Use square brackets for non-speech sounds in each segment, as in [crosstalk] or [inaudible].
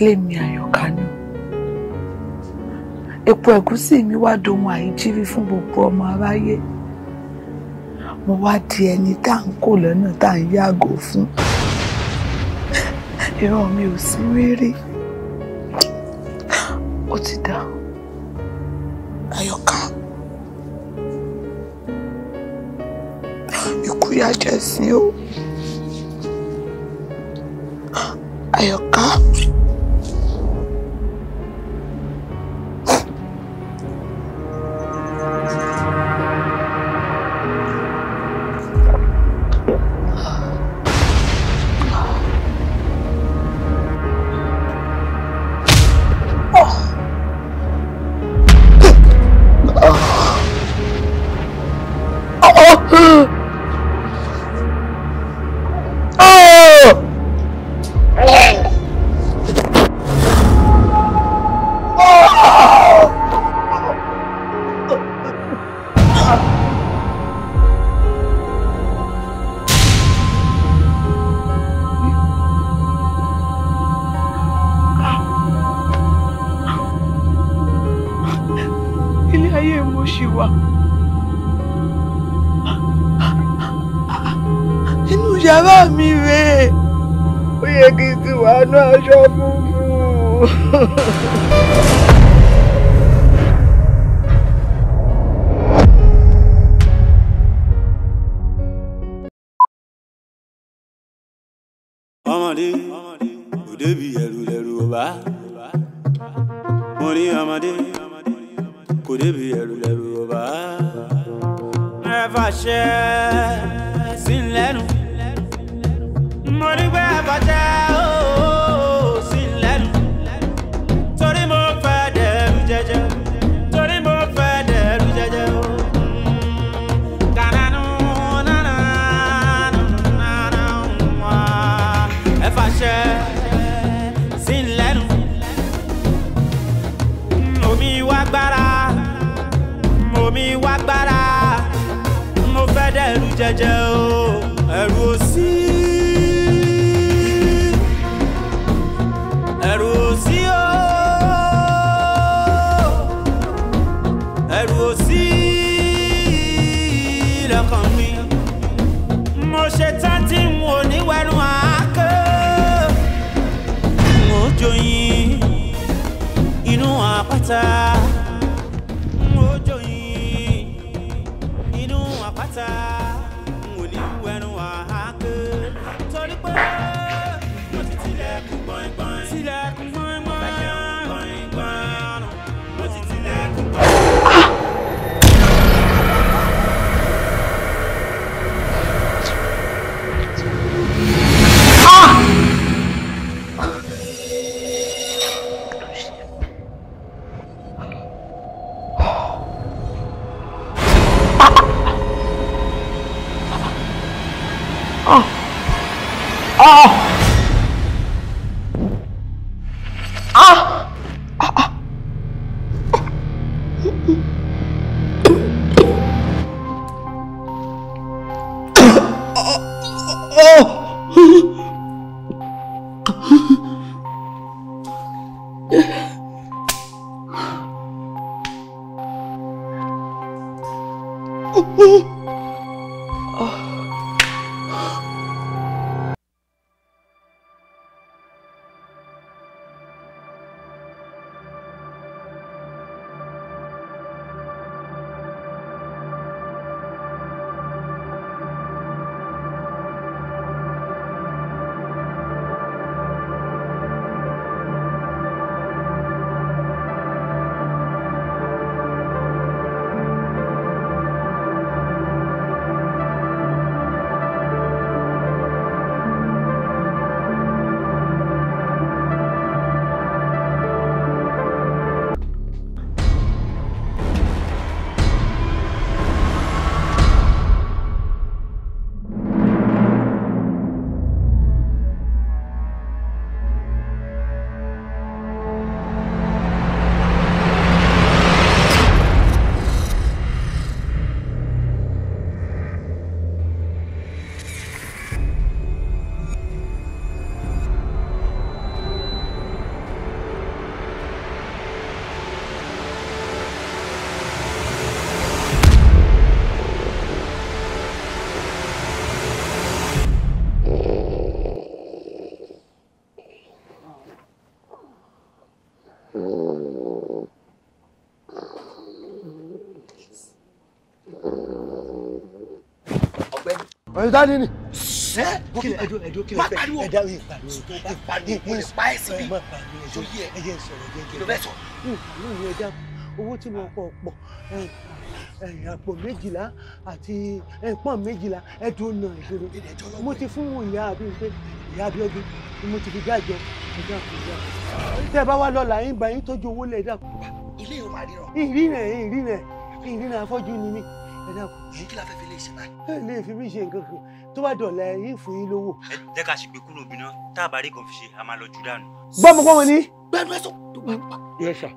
lémi àyọkánú epo ẹ̀gúsí mi wá dohun àìjírí fún gbogbo ọmọ aráyé mo wá di ẹni tá à ń kó lọ́nà tá à ń yàgò fún ìran mi ò sí rírí ó ti dá àyọká ikú yá jẹ sí o àyọká. mo rí pé àbájá ó sì lẹ́nu torí mo fẹ́ dẹ̀rù jẹjẹ torí mo fẹ́ dẹ̀rù jẹjẹ ó. ẹ̀fàṣẹ sí lẹ́nu omi wá gbára omi wá gbára mo fẹ́ dẹ̀rù jẹjẹ passar. Oh! pẹ̀lú dání ni. ṣé kílẹ̀ ẹjọ́ ẹjọ́ kílẹ̀ fẹ́ pariwo ẹ̀dá yìí pariwo tó bá pariwo mo inspire bí ẹjọ́ yìí ẹ yẹ sọ̀rọ̀ jẹ́jẹ́ kí ló fẹ́ sọ. lóun yẹn dá owó tí mo kọ pọ̀ àpò méjìlá àti pọ́n méjìlá ẹ̀dùn náà ìṣòro mo ti fún ìyá àbíyẹ ìyá àbíyẹ mo ti fi dájọ ẹ̀dá àbíyẹ tẹ́ bá wá lọ́la yín bá yín tọ́jú owó lẹ̀ ẹ̀dá àbíyẹ. ilé ìwà rírọ. ìrìnà ìrìnà ìrìnà afọ́jú ni mí ẹ̀dá àbíyẹ. èyí kí la fẹ́ fi ṣe báyìí. ẹ lè fi mí ṣe nǹkan kan tó bá dọ̀la yín fún yín lówó. ẹ jẹ́ ká ṣègbè kúrò bí náà tá a bá rí kan fi ṣe a máa lọ jù dànù. gbọ́mọ gbọ́mọ ni. gbẹ́nu ẹ̀sọ́ tó bá ń pa. yẹ ṣá.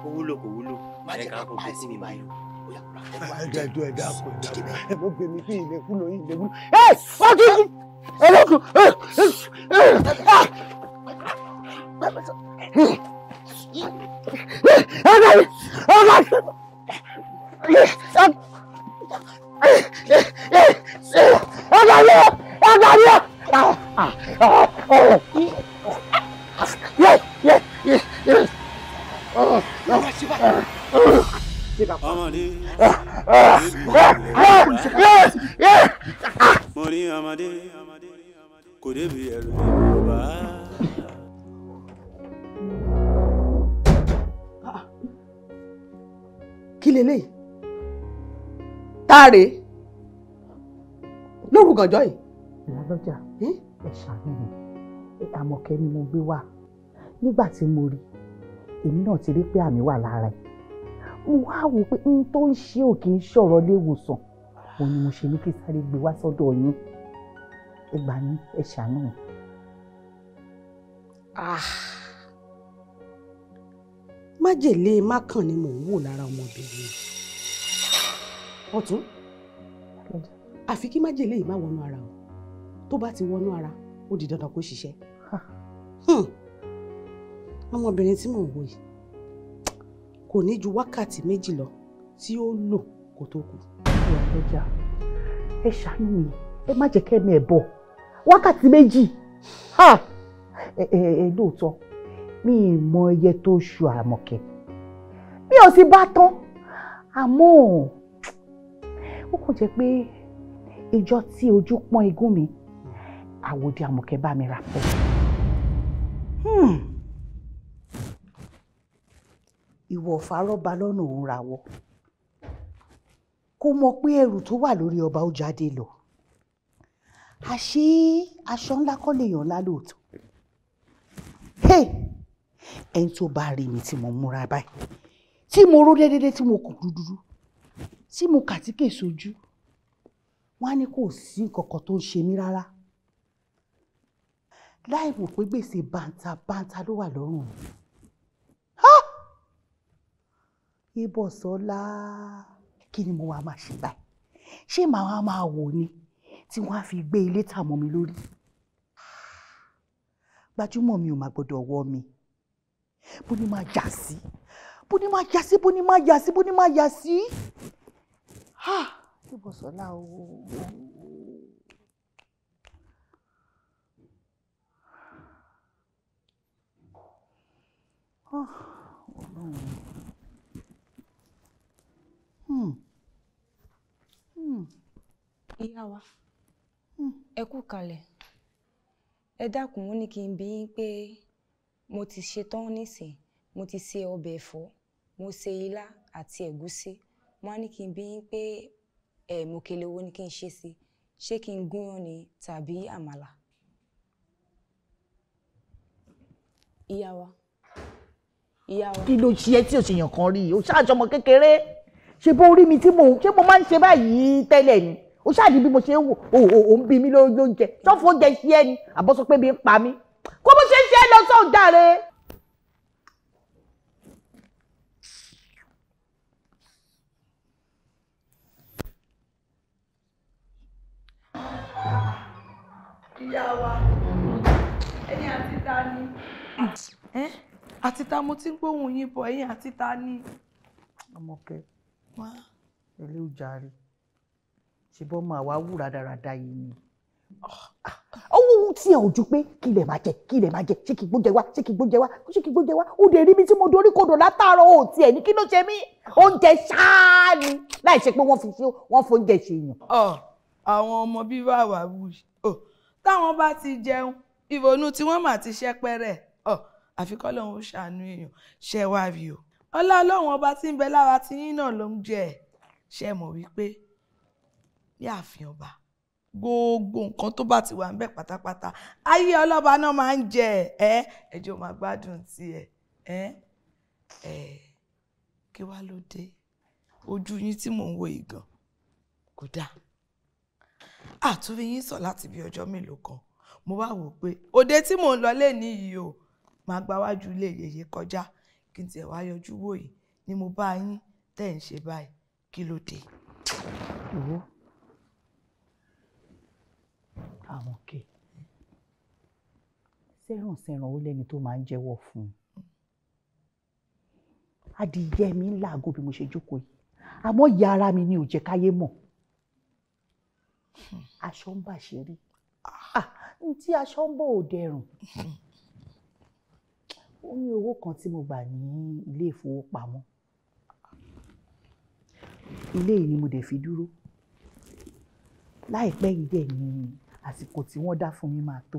kò wúlò kò wúlò ẹ ká kó pé sí mi báyìí ẹdájọ ẹdá kọ ẹdá kọ ẹ mọ gbèmí kí ilé kúlọ ilé kúlọ ẹ wọn kì í ẹlẹkùn ẹ ẹ ẹ ẹ ẹ ẹ ẹ ọ̀dàlẹ̀ kí leléyìí táàrè lóru gànjọ́ yìí. ìyá ẹ ṣàníyàn àmọ̀kẹ́ ni mo gbé wá nígbà tí mo rí èmi náà ti rí pé àmì wà lára ẹ̀ mo wá wò pé n tó ń ṣe ò kì í ṣọ̀rọ̀ léwòsàn òun ni mo ṣe ní kí sáré gbé wá sọ́dọ̀ yín ẹ gbà ní ẹ ṣàánú. Ah. májèlé mákàn ni mò ń wò lára ọmọbìnrin yìí ọ̀tún àfi kí májèlé yìí má wọnú ara o tó bá ti wọnú ara ó di dandan kó ṣiṣẹ́ hmm. ọmọbìnrin tí mò ń wò yìí kò ní ju wákàtí méjì lọ tí ó lò kó tó kú. ọ̀rẹ́jà ẹ ṣàánú mi ẹ má jẹ́ kẹ́mi ẹ̀ bọ̀ wákàtí méjì ẹ ẹ ẹ lóòótọ́ mi ì mọ iye tó ṣu àmọ̀kẹ́ mi ò sì bá tán àmọ́ ó kàn jẹ́ pé ìjọ tí ojú pọ́n igún mi àwòdì àmọ̀kẹ́ bá mi rà pọ̀. Hmm. ìwọ ọ̀fàrọ́ba lọ́nà òun ra wọ kó mọ pé ẹrù tó wà lórí ọba ó jáde lọ àṣé aṣọ ńlá kọ́ lèèyàn ńlá lóòótọ́ ẹni tó bá rí mi tí mo múra báyìí tí mo ró déédéé tí mo kù dúdú tí mo kà tí kè sojú wọn á ní kò sí nǹkan kan tó ń ṣe mí rárá láì mọ̀ pé gbèsè bàǹtà bàǹtà ló wà lọ́rùn mi. Ìbọ̀sọ́lá kí ni mo wá máa ṣe báyìí ṣé màá máa wò ni tí wọ́n á fi gbé ilé tà mi lórí. gbajúmọ̀ mi ò máa gbọ́dọ̀ wọ́ mi bó ni máa jà sí bó ni máa jà sí bó ni máa jà sí bó ni máa jà sí. Ìbọ̀sọ́lá o. Ọlọ́run. Ìyá wa, ẹ kú kalẹ̀. Ẹ dákun ó ní kí n bi yín pé mo ti ṣetán nísìn, mo ti se ọbẹ̀ ẹ̀fọ́, mo se ilá àti ẹ̀gúsí wọ́n á ní kí n bí yín pé ẹ̀ẹ̀mọ̀kèlè owó ni kí n ṣe sí ṣé kí n gúnyán ni tàbí àmàlà. ìyá wa ìyá wa. kí ló ṣe ẹ tí o kan rí o ṣáà ṣọmọ kékeré ṣe bó rí mi tí mo ṣé mo máa ń ṣe báyìí tẹ́lẹ̀ ni o ṣáà di bí mo ṣe ń wò o ò ń bí mi lóúnjẹ tó fún oúnjẹ ṣí ẹni àbọ̀ sọ pé bí ń pa mí kó bó ṣe ń ṣe é lọ sóun dáre. ìyá wa ẹni àti ta ni. àti ta mo ti ń gbóhùn yín bọ̀ ẹ̀yin àti ta ni. Àmọ̀kẹ́ ẹlẹ́ ò jàre ṣe bọ́ máa wá wúra dáradára yìí ni. owó ohun tí ẹ ò ju pé kí lè máa jẹ kí lè máa jẹ ṣé kí gbóúnjẹ wá ṣé kí gbóúnjẹ wá ṣé kí gbóúnjẹ wá ó dé rí mi tí mo dorí kodò látàárọ̀ ò tiẹ̀ ní kí ló ṣe mí oúnjẹ ṣáá ni láì ṣe pé wọ́n fi ṣe wọ́n fóúnjẹ ṣe yàn. àwọn ọmọ bíbá wà wù ú táwọn bá ti jẹun ìrònú tí mà ti ṣẹpẹrẹ ọ àfi kọ́lọ́hún ó ṣàánú èèyàn ṣẹ wá rí o ọlá ọlọ́run ọba tí ń bẹ lára ti yín náà ló ń jẹ ẹ ṣe mọ̀ wípé ní ààfin ọba gbogbo nǹkan tó bá ti wà ńbẹ̀ pátápátá ayé ọlọ́ba náà máa ń jẹ ẹ ẹjọ́ máa gbádùn tiẹ̀ ẹ ẹ kí wàá ló dé ojú yín tí mò ń wo ìgàn kò dáa àtúrí yín sọ láti bí ọjọ́ mélòó kan mo wá wò pé òde tí mò ń lọ lé ní yìí o máa gba wájú ilé yèyé kọjá kí n tiẹ̀ wá yọjú wò yìí ni mo bá yín tẹ̀ ń ṣe báyìí kí ló dé. owó àwọn kè sẹ́ràn sẹ́ràn ó lẹ́ni tó máa ń jẹ́wọ́ fún un adìyẹ mi ń làágùn bí mo ṣe jókòó yìí àmọ́ ìyá ara mi ni ò jẹ́ káyé mọ̀ aṣọ ń bà ṣe rí ah, n tí aṣọ ń bọ̀ ò dẹrùn ó ní owó kan tí mo gbà ní ilé ìfowópamọ́ ilé yìí ni mo dẹ̀ fi dúró láìpẹ́ yìí dẹ̀ ni àsìkò tí wọ́n dá fún mi máa tó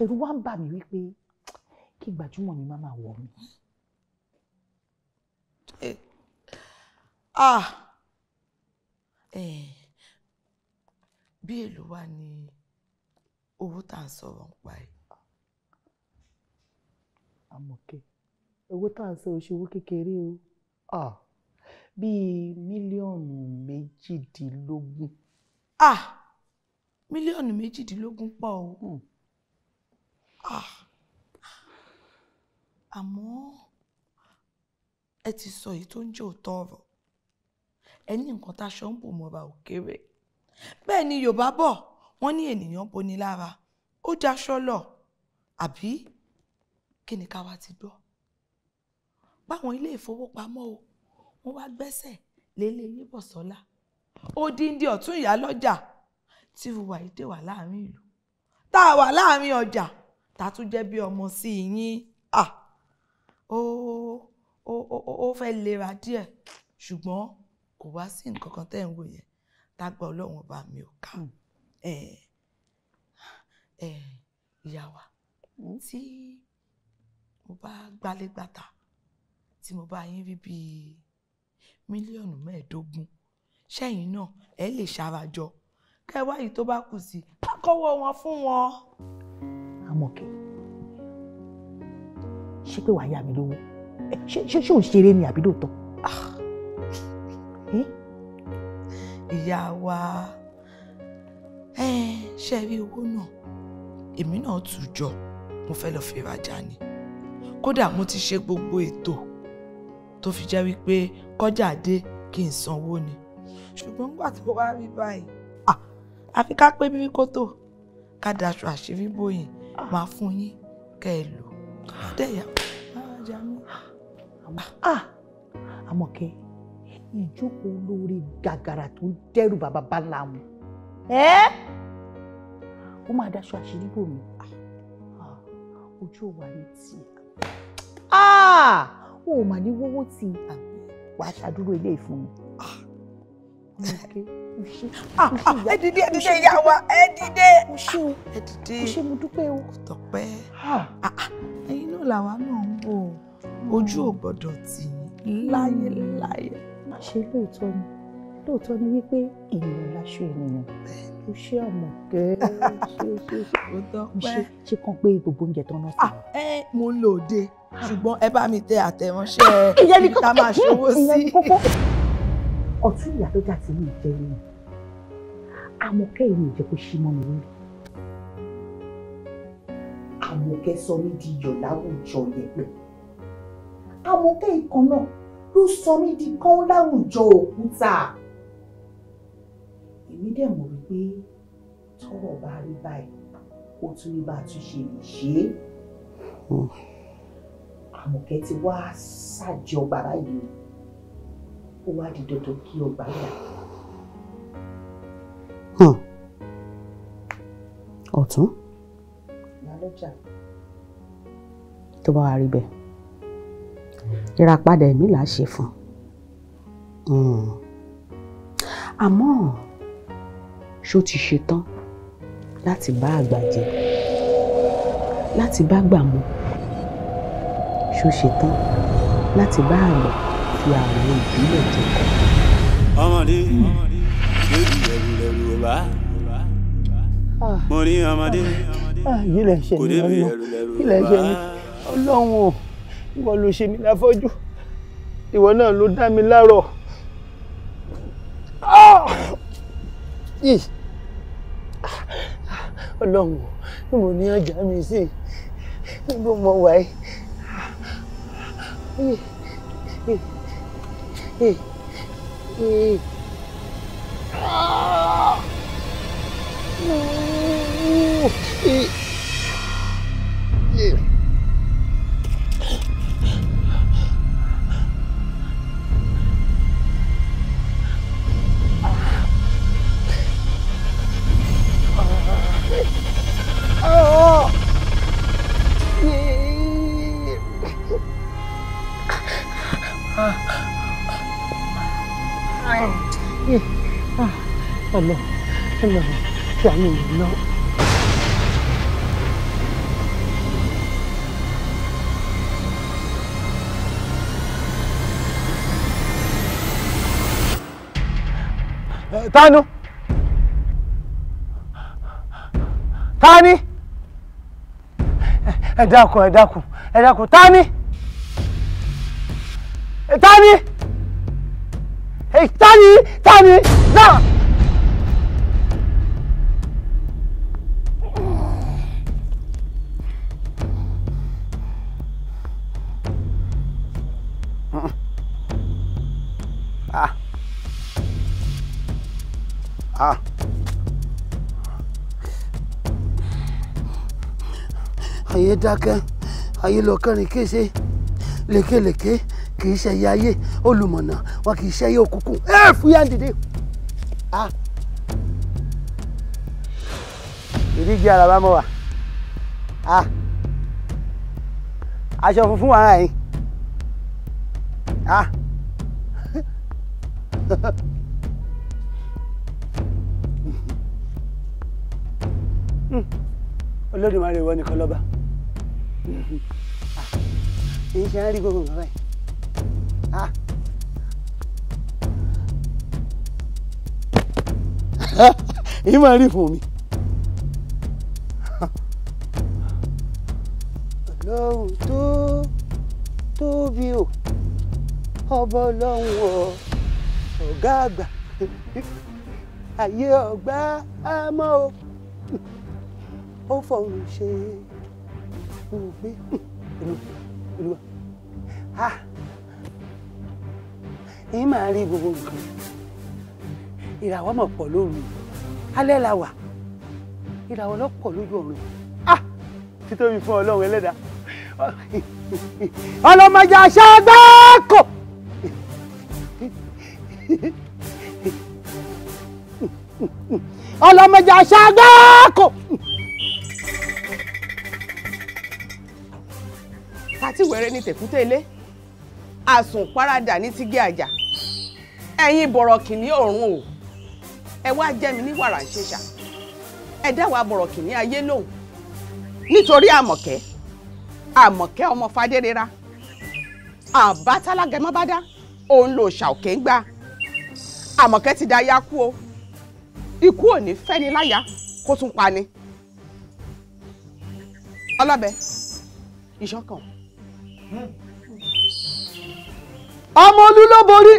ẹ̀rù wá ń bà mí wípé kí gbajúmọ̀ mi má máa wọ̀ mí. Eh, ah eh bí èlò wà ní owó tá à ń sọ̀rọ̀ ń pa ẹ̀. àmọ̀kẹ́ owó tá à ń sọ òṣèwó kékeré o bíi mílíọ̀nù méjìdínlógún. mílíọ̀nù méjìdínlógún pọ̀ o. ah àmọ́ ẹ ti sọ èyí tó ń jẹ́ òótọ́ ọ̀rọ̀ ẹ ní nǹkan tá a ṣọ ń bò mọ́ra ò kéré bẹ́ẹ̀ ni yorùbá bọ̀ wọ́n ní ènìyàn boni lára ó jaṣọ lọ àbí kí ni ká wá ti gbọ́ báwọn ilé ìfowópamọ́ o wọ́n wá gbẹ́sẹ̀ lélẹ̀ yíbọ̀sọ́lá odindi ọ̀tún ìyálọ́jà tí wùwà yìí dé wà láàrin ìlú tá a wà láàrin ọjà tá a tún jẹ́ bí ọmọ sí i yín à ó ó ó ó fẹ́ lera díẹ̀ ṣùgbọ́n kò wá sí nǹkan kan tẹ́ ń wò yẹn tágbà ọlọ́run ọba mi ò ká hmm. ìyá wa hmm. tí mo bá gbálégbàtà tí mo bá yín rí bíi mílíọ̀nù mẹ́ẹ̀ẹ́dógún sẹ́yìn náà ẹ lè ṣarajọ kẹwàá yìí tó bá kù sí kákọ́wọ́ wọn fún wọn. Àmọ̀kẹ́ ṣé pé wàá yá mi lówó ṣé ṣé ò ń ṣeré ni àbí lóòótọ́. Ah ìyá wa ṣe rí owó náà èmi náà tù jọ mo fẹ́ lọ́ọ́ fi rajà ni kódà mo ti ṣe gbogbo ètò tó fi jẹ́ wípé kọjá dé kí n sanwó ni ṣùgbọ́n nígbà tó wá rí báyìí àfi ká pé bíbí kótó ká daṣọ àṣírí bóyìn máa fún yín kẹ́ ẹ lò ó dẹ̀yà máa ìjókòó olóore gàgàrà tó dẹ́rù bàbá bá ńlá wọn ẹ́ ó máa daṣọ àṣírí bò mí ah, ojú ò wà ní tiẹ̀ ó ah, mà ní wọ́wọ́ ti àgbẹ̀ ah, wàá ṣàdúró ilé ìfún mi. ẹ dìde ẹ dìde ìyá wa ẹ dìde ẹ dìde ó ṣe mo dúpẹ́ o. tọpẹ́ ẹyin náà làwa náà ń wò ojú ò gbọ́dọ̀ tì í láyé láyé àṣẹ lóòótọ́ ni lóòótọ́ ni wípé ènìyàn láṣọ ènìyàn ó ṣe ọmọ gẹ́ẹ́ ṣe ṣe ṣe kàn pé gbogbo oúnjẹ tán náà fún ẹ ah, eh, mo lò dé ṣùgbọ́n ẹ bá mi tẹ àtẹ̀ránṣẹ́ ibi tá a máa ṣòwò sí. ọtí ìyá tó jà sí mi jẹ ni Àmọ̀kẹ́ èmi jẹ́ kó ṣí mọ́ mi lórí. Àmọ̀kẹ́ sọ mí di yọ̀ láwùjọ yẹpẹ̀ Àmọ̀kẹ́ ìkan náà ló sọ mí di kán láwùjọ òkúta èmi dẹ̀ mọ̀ wípé tọ́rọ̀ bá rí báyìí ó tún ní bá a tún ṣe lè ṣe é àmọ̀kẹ́ ti wá ṣàjẹ ọgbà báyìí ó wá di dandan kí ọgbà yà. Hmm. ọ̀tún. ìyálọ́jà. tó bá wa rí bẹ́ẹ̀ ìràpadà ẹ̀mí là á ṣe fún un hmm. àmọ́ ṣó ti ṣetán láti bá àgbà jẹ láti bá gbà mu ṣó ṣetán láti bá àgbà fi àwọn ìbílẹ̀ jẹ kọ́. ọmọdé lórí ẹrù lẹrù ọba mo ní ọmọdé ah, kò débi ẹrù lẹrù ọba ọlọ́run ìwọ ló ṣe mí láfọ́jú ìwọ náà ló dá mi lárọ̀ ah! ọlọ́run níbo ni ọjà mi sí níbo mo wà yìí. Ah! àwọn èèyàn náà. Tanu. Tani. Eh, ẹ dákun, ẹ dákun, ẹ dákun. Tani. Eh, eh, Tani. Tani. Tani. Náà. ayé dákẹ́ ayé lọ kẹrin kése lékelèké kì í ṣẹyẹ ayé olùmọ̀nà wọn kì í ṣẹyẹ òkùnkùn ẹ fúyà dìde. ìdíje àràbà mọ wà aṣọ funfun wàrà yìí [laughs] hmm. olódùmarè wọ nìkan lọ́ba èyí ṣe ń rí gbogbo nǹkan báyìí. èyí máa rí fún mi. ọlọ́run tó tóbi mo rò pé hmm, olúwa ha èyí máa rí gbogbo nǹkan ìràwọ̀ mọ̀ pọ̀ lóru alẹ́ la wà ìràwọ̀ lọ́pọ̀ lójú ọ̀run ah títóbi fún ọlọ́run ẹlẹ́dàá ọlọ́mọdé aṣáájú ọlọ́mọdé aṣáájú. tí wẹ́rẹ́ ní tẹ̀kútẹ́ ilé àsùn paradà ní tígé àjà ẹ̀yin bọ̀rọ̀kì ní ọ̀run o ẹ wá jẹ́ mi ní wàrà ṣèṣà ẹ dá wa bọ̀rọ̀kì ní ayé lóhùn nítorí àmọ̀kẹ́ àmọ̀kẹ́ ọmọ fadérera àbátálágẹmọ́bádá òun lò ṣàòkè ń gbà àmọ̀kẹ́ ti da ya o ikú ò ní fẹ́ni láyà kó tún pa ni ọlọ́bẹ ìṣọ̀kan ọmọ olú ló borí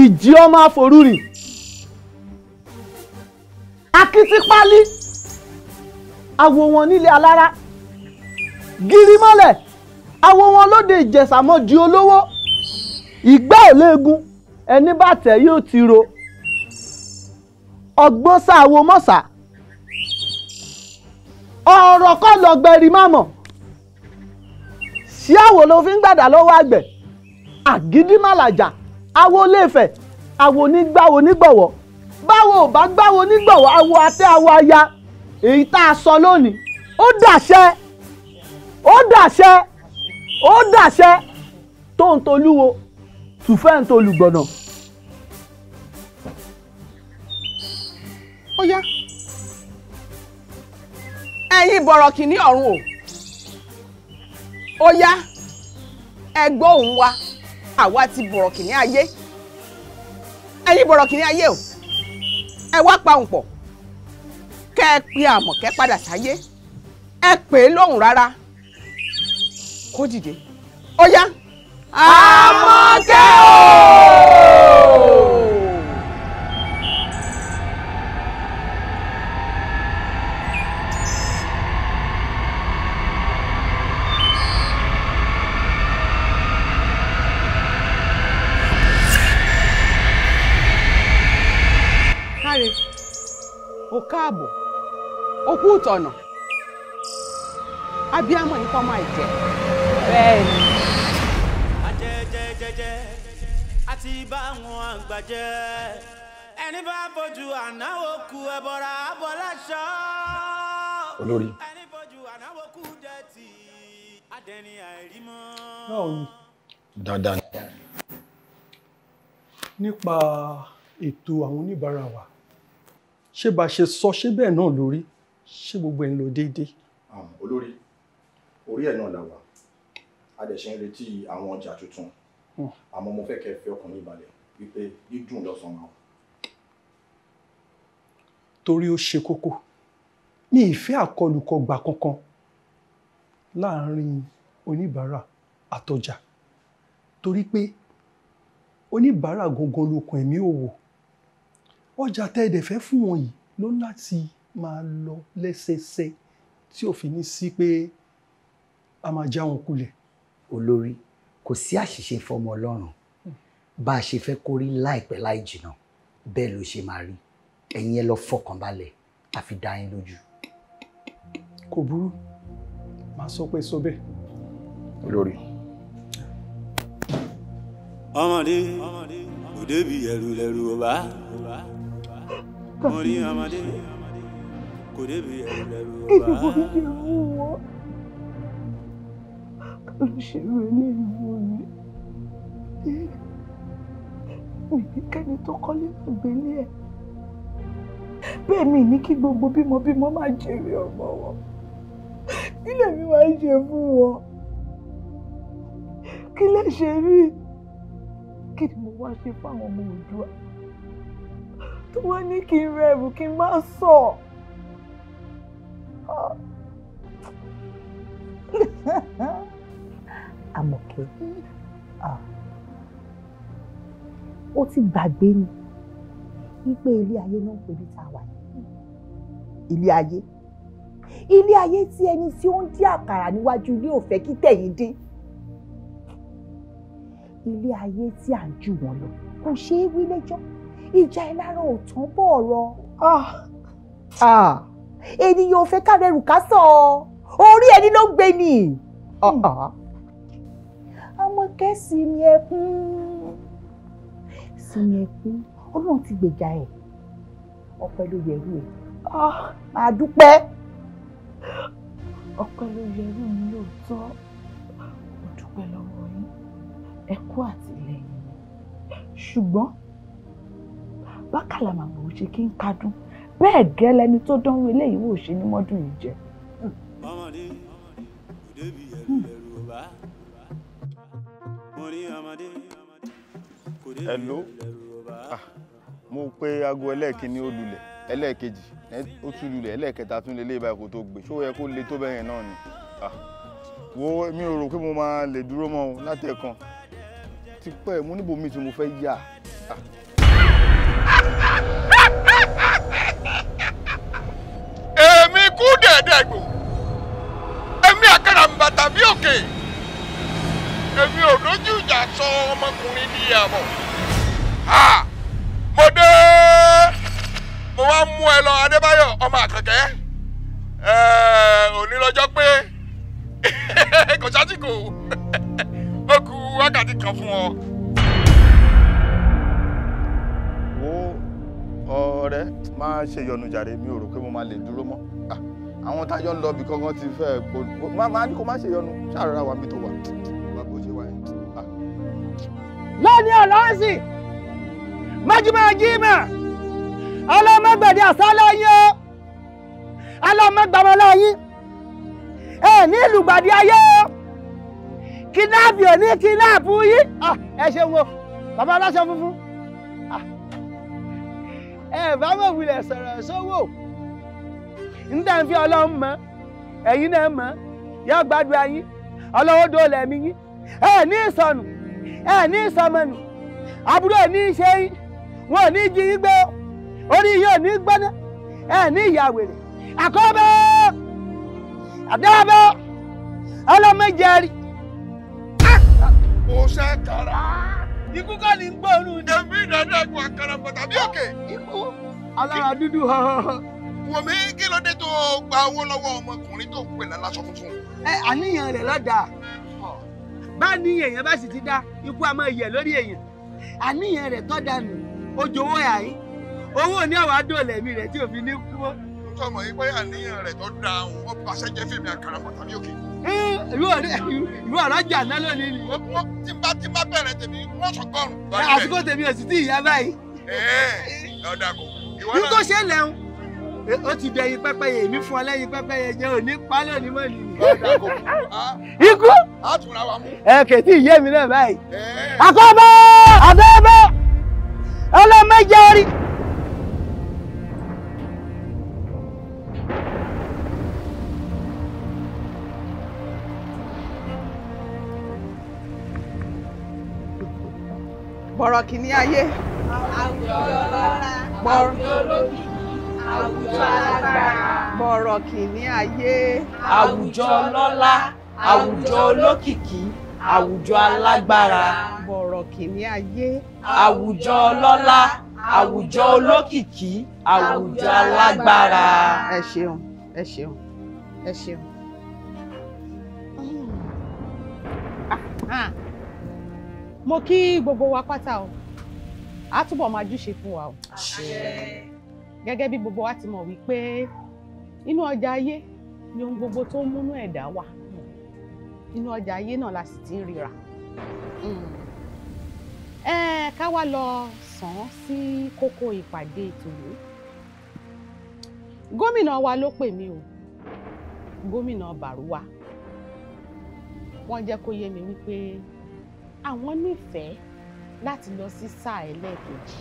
ìjì ọmọ àforúrì akítípálí àwò wọn nílé alára girimọ́lẹ̀ àwò wọn lóde ìjẹ̀sàmọ́ di olówó ìgbà òléegun ẹni bá tẹ̀ yóò ti ro ọgbọ́n sáà wo mọ́sà ọ̀rọ̀ kọ́ lọ́gbẹ̀rì má mọ̀ tí àwo ló fi ń gbàdá lọ́wọ́ àgbẹ̀ àgídímàlàjà àwo léèfẹ̀ àwo nígbàwo nígbọ̀wọ́ báwo ò bá gbàwo nígbọ̀wọ́ àwo atẹ́ àwo aya èyí tá a sọ lónìí ó dàṣẹ ó dàṣẹ ó dàṣẹ tó ń tolúwo tùfẹ́ ń tolùgbọ̀nà. ó yá ẹ̀yin bọ̀rọ̀ kìíní ọ̀run o ó yá ẹgbọ́ òun wa àwa ti bọ̀rọ̀ kìnní ayé ẹ̀yin bọ̀rọ̀ kìnní ayé o ẹ wá pa òun pọ̀ kẹ́ ẹ pe àmọ̀kẹ́ padà sáyé ẹ pè é lóhùn rárá kó dìde ó yá àmọ̀kẹ́ o. o káàbọ̀ o kú ìtọ̀nà abiyamọ yìí kọ́ máa olórí. dandan. nípa ètò àwọn oníbàárà wa ṣé bá ṣe sọ ṣé bẹ́ẹ̀ náà lórí ṣé gbogbo ẹ̀ ń lọ déédéé. olórí orí ẹ̀ náà la a dẹ̀ ṣe ń retí àwọn ọjà tuntun hmm. àmọ́ mo fẹ́ kẹ́ fi ọkàn yín balẹ̀ wípé dídùn lọ́sàn-án máa wà. torí ó ṣe kókó ní ìfẹ́ àkọlùkọgbà kankan láàárín oníbàárà àtọjà torí pé oníbàárà gangan lókun ẹ̀mí òwò ọjà tẹ́ ẹ̀dẹ̀ fẹ́ fún wọn yìí ló láti máa lọ lẹ́sẹsẹ tí ò fi ní sí pé a máa já wọn kulẹ̀. olórí kò sí àṣìṣe fọmọ ọlọ́run bá a ṣe fẹ́ kó rí láìpẹ́ láì jìnnà bẹ́ẹ̀ ló ṣe máa rí ẹ̀yin ẹ lọ fọkàn balẹ̀ dá yín lójú. kò burú màá sọ pé sọ bẹ́ẹ̀. olórí. ọmọdé òdebì ẹrù lẹrù ọba orí amadé kò débi ẹ̀rù lẹ́rù ọba. ìwọ ni wọ́n olùṣèlú eléyìí ni mi ní kẹ́ni tó kọ́lé ìgbélé ẹ̀ bẹ́ẹ̀ mi ní kí gbogbo bímọbímọ máa jèrè ọmọ wọn kí lèmi máa ṣe fún wọn kí lè ṣe rí kí ni mo wá ṣe fáwọn ọmọ Oòduà tó wá ní kí n rẹrù kí n má sọ. [laughs] Àmọ̀kẹ́ ah, ó ti gbàgbé ni wípé ilé ayé náà ń pè ní ta wà ilé ayé ilé ayé tí ẹni tí ó ń dín àkàrà níwájú ilé ò fẹ́ kí tẹ̀yìn dín ilé ayé tí à ń jù wọ́n lọ kò ṣeé wí lẹ́jọ́ ìjà ìlara ò tán bọ̀ ọ̀rọ̀ ènìyàn ah. ah. ò fẹ́ kárẹ̀rù kásọ̀ orí ẹni ló gbé ni. Ah, hmm. àmọ́ kẹ́sì mi ẹkún sí mi ẹkún ọlọ́run ti gbèjà ẹ̀ ọpẹ́ ló yẹ irú ẹ̀ máa dúpẹ́ ọpẹ́ ló yẹ irú mi lóòótọ́ mo dúpẹ́ lọ́wọ́ yín ẹ kú àtìlẹ́yìn ṣùgbọ́n bákàlà màmá ò ṣe kí n kadún bẹ́ẹ̀ gẹ́lẹ́ ni tó dánwó eléyìí wò ṣe ní mọ́dún yìí jẹ. ọmọdé òde bí hmm. ẹrù ẹrù ọba mo ní ọmọdé kò dé bí ẹrù ọba. Ah, mo pe aago ẹlẹ́ẹ̀kínní ó lulẹ̀ ẹlẹ́ẹ̀kejì ó tún lulẹ̀ ẹlẹ́ẹ̀kẹta tún lé léyìí báyìí kó tó gbé ṣó yẹ kó le tó bẹ́yẹn náà ni ah, wo mi ò rò pé mo máa lè dúró mọ́ o látẹ̀kan tipẹ́ mo níbo mi tí mo fẹ́ yà. Ah, ẹ̀ẹ́dẹ́gbò èmi àkàràǹbà tàbí òkè èmi ò lójú ìjà sọ ọmọkùnrin ní àbọ̀ mo dé mo wá mú ẹ lọ Adébáyọ̀ ọmọ àkàkẹ́ òní lọ́jọ́ pé [laughs] kò sásìkò ó [laughs] ku wákàtí kan fún ọ. wo ọ̀rẹ́ máa ṣèyọnu jàre mi ò rò pé mo máa lè dúró mọ́. Ah àwọn tájọ́ ń lọ bí kankan ti fẹ́ kó máa ní kó má ṣe yọnu ṣàrọ̀rà wa mi tó wà wà bó ṣe wà yẹn. Ah. lónìí ọlọ́sìn májímájímà ọlọ́mọgbẹ̀dẹ àsálẹ̀ yín o yín ẹ ní ìlùgbàdì ayé o kidnapping ò yín ah, ẹ ṣeun o bàbá aláṣọ funfun ah. ẹ bá mọ̀ wulẹ̀ sọ̀rọ̀ sówó. So níta ń fi ọlọ́run mọ́ ẹ̀yin náà mọ́ yóò gbàdúrà yín ọlọ́wọ́ dóòlà ẹ̀mí yín ẹ ní ìsọnù ẹ ní ìsọmọnù àbúrò ẹ̀ ní í ṣe yín wọn ò ní jí yín gbé orí yín ò ní gbóná ẹ ní ìyàwèrè àkọ́bẹ́ àdábẹ́ ọlọ́mọjẹ́rì. mo ṣe kàrà. ikú kọ́ ni ń gbóòórùn. èmi ìdájọ́ ẹ̀kọ́ àkàrà bàtà bí òkè. ikú alára dúdú hàn. [laughs] wọ̀mí kí ló dé tó gba owó lọ́wọ́ ọmọkùnrin tó ń pè lálásọ funfun. ẹ àníyàn rẹ lọ́dà bá ní èèyàn bá sì ti dá ikú àmọ́ ìyẹ̀ lórí èèyàn àníyàn rẹ tọ́ dànù ó jowó ẹ̀ àyín owó ní ọ̀wá dòlẹ̀ mi rẹ̀ tí òfin ní kú. mo sọ mọ̀ yí pé àníyàn rẹ̀ tó da òun ó pàṣẹ jẹ́ fèmí àkàrà pàtàkì òkè ìlú ọ̀rọ̀ jà ná lónìí ni. tí bá bẹ̀rẹ̀ tèmi wọ́n sọ gọ́rùn. àsìkò tèmi ò sì tí ì yá báyìí. ẹ ẹ ọ̀dà kò. ní tó ṣe lẹ́hún ó ti dẹyin pẹ́pẹ́yẹ èmi fún ọ lẹ́yìn pẹ́pẹ́yẹ jẹ́ òní pálọ̀ ní mọ̀ nìyí. ikú ẹ kẹ̀tì ìyé mi náà báyìí. àkọ́bọ̀ àdébọ̀ ọlọ́mọdé orí. bọ̀rọ̀ kìíní ayé. àwùjọ lọ́la àwùjọ lókìkí àwùjọ alágbára. bọ̀rọ̀ kìíní ayé. àwùjọ ọlọ́lá àwùjọ olókìkí àwùjọ alágbára. bọ̀rọ̀ kìíní ayé. àwùjọ ọlọ́lá àwùjọ olókìkí àwùjọ alágbára. ẹ ṣeun ẹ ṣeun ẹ ṣeun. Hmm. Ah, ah. mo kí gbogbo wa pátá o a túbọ̀ máa júṣe fún wa o gẹ́gẹ́ bí gbogbo wa ti mọ̀ wípé inú ọjà ayé ni ohun gbogbo tó ń múnú ẹ̀dá wà inú ọjà ayé náà la sì ti ń ríra ẹ ká wá lọ sàn án sí kókó ìpàdé ìtòlú gómìnà wa ló pè mí o gómìnà Bàrúwà wọ́n jẹ́ kó yé mi wípé àwọn nífẹ̀ẹ́ láti lọ sí sáà ẹlẹ́ẹ̀kejì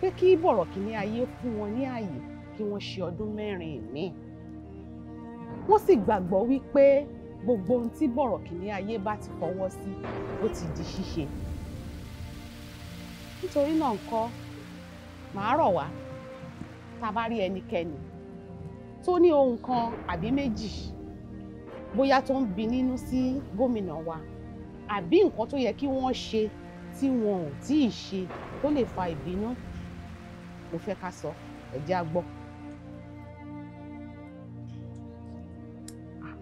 pé kí bọ̀rọ̀kìnní ayé fún wọn ní ààyè kí wọ́n ṣe ọdún mẹ́rin míì wọ́n sì gbàgbọ́ wípé gbogbo ohun tí bọ̀rọ̀kìnní ayé bá ti fọwọ́ sí ó ti di ṣíṣe nítorí náà ńkọ́ màá rọ̀ wá tá a bá rí ẹnikẹ́ni tó ní ohun kan àbí méjì bóyá tó ń bi nínú sí gómìnà wa àbí nǹkan tó yẹ kí wọ́n ṣe tí wọn ò tíì ṣe tó lè fa ìbínú mo fẹ́ ká sọ ẹ jẹ́ á gbọ́.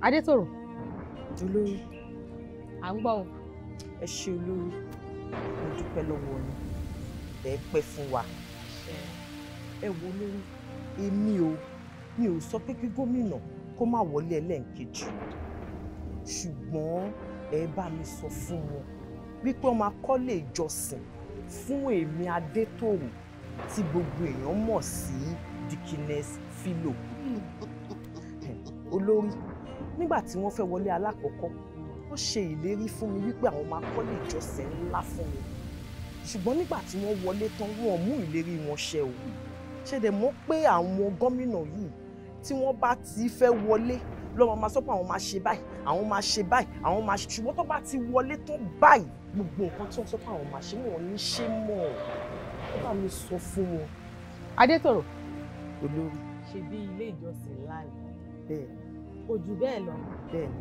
adétòrò. olórí. à ń gbọ́ o. ẹ ṣe olórí mo dúpẹ́ lọ́wọ́ ni ẹ pẹ́ fún wa. ẹ wo olórí èmi o mi ò sọ pé kí gómìnà kó má wọlé ẹlẹ́ǹkejì ṣùgbọ́n ẹ bá mi sọ fún wọn wípé wọn máa kọ́lé ìjọsìn fún èmi adétòrò tí gbogbo èèyàn mọ̀ sí dikines filo olórí nígbà tí wọ́n fẹ́ wọlé alákọ̀ọ́kọ́ wọ́n ṣe ìlérí fún mi wípé àwọn máa kọ́lé ìjọsìn ńlá fún mi ṣùgbọ́n nígbà tí wọ́n wọlé tán wọ́n mú ìlérí wọn ṣẹ o ṣe dẹ̀ mọ̀ pé àwọn gómìnà yìí tí wọ́n bá ti fẹ́ wọlé lọ́wọ́ máa sọ pé àwọn máa ṣe báyìí àwọn máa ṣe báyìí àwọn máa ṣe ṣùgbọ́n tó bá ti wọlé tán báyìí gbogbo nǹkan tí wọ́n sọ pé àwọn máa ṣe wọn ò ní ṣe mọ́ ọ́ bá mi sọ fún wọn. adétòrò olórí ṣe bí ilé ìjọsìn ńlá ni. bẹ́ẹ̀ kò jù bẹ́ẹ̀ lọ. bẹ́ẹ̀ ni.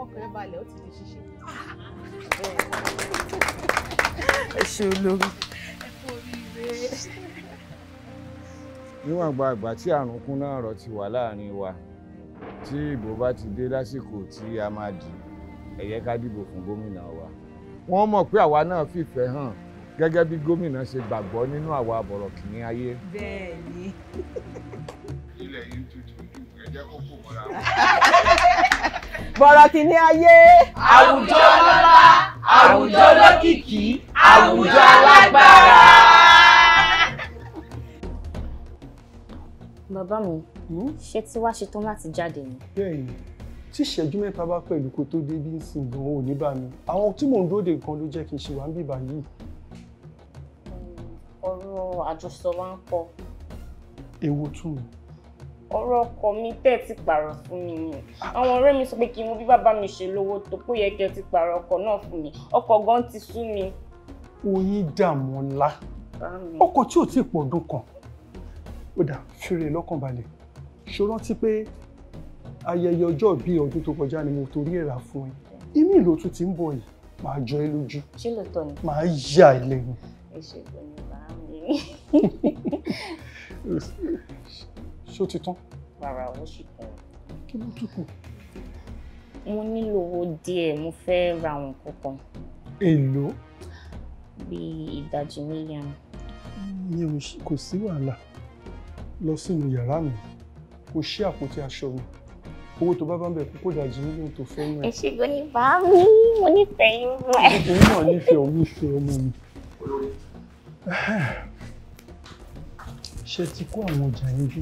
ọkùnrin balẹ̀ ó ti di ṣíṣe. ẹ ṣe olórí. ẹ kú oríire. níwọ̀n gba àgbà tí àrùn kún náà rọ ti wà láàrin wa tí ìbò bá ti dé lásìkò tí a máa dì ẹ̀yẹ́ ká dìbò fún gómìnà wa wọ́n mọ̀ pé àwa náà fìfẹ́ hàn gẹ́gẹ́ bí gómìnà ṣe gbàgbọ́ nínú àwa bọ̀rọ̀kìnní ayé. bẹ́ẹ̀ni. ilẹ̀ yìí tutù jù ẹ̀jẹ̀ kò kò mọ́ra. bọ̀rọ̀kìnní ayé. àwùjọ lọ́lá àwùjọ lọ́kìkí àwùjọ alágbára. bàbá mi hmm? ṣé tí wàá ṣetán láti jáde ni. bẹ́ẹ̀ni tí ìṣẹ́jú mẹ́ta bá pẹ̀lú kó tó dé ń sìn gan-an ò ní bá mi àwọn tí mò ń dóde gan ló jẹ́ kí n ṣe wà ń bìbà yìí ọ̀rọ̀ àjọsọ wa ń kọ. èwo tún ni. ọ̀rọ̀ ọkọ mi tẹ́ ẹ ti pààrọ̀ fún mi ni àwọn ọ̀rẹ́ mi sọ pé kí n wo bí bàbá mi ṣe lówó tó pé yẹ kí ẹ ti pààrọ̀ ọkọ náà fún mi ọkọ gan ti sú mi. oyin dààmú ńlá ọkọ tí ò tí ì pọ̀ ọdún kan ó dà fèrè lọ́kàn balẹ̀ ṣó rántí pé ayẹyẹ ọjọ́ bíi ọdún tó kọjá ni mo torí ẹ̀ rà fún ẹ ìmí ìlò tún ti ń bọ̀ yìí máa jọ ẹ lójú. ṣé lóòótọ́ ni. máa yà ẹ lẹ́nu. ẹ ṣe ìgbọ̀nyẹn ṣé o ti tán. rárá o ṣì tán. kí ló tún kù. mo nílò owó díẹ̀ mo fẹ́ ra àwọn nǹkan kan. èlò. bíi ìdajì mílíọ̀nù. ìyẹn kò sí wàhálà lọ sínú yàrá mi kò ṣí àpótí aṣọ mi owó tó bá bá ń bẹ̀ kókó ìdajì mílíọ̀nù tó fẹ́ mú ẹ. ẹ ṣe ní bá mi mo nífẹ̀ẹ́ yín mọ́ ẹ. nífẹ̀ẹ́ ọmọ mi ṣé ti kó àwọn ọjà yẹn dé.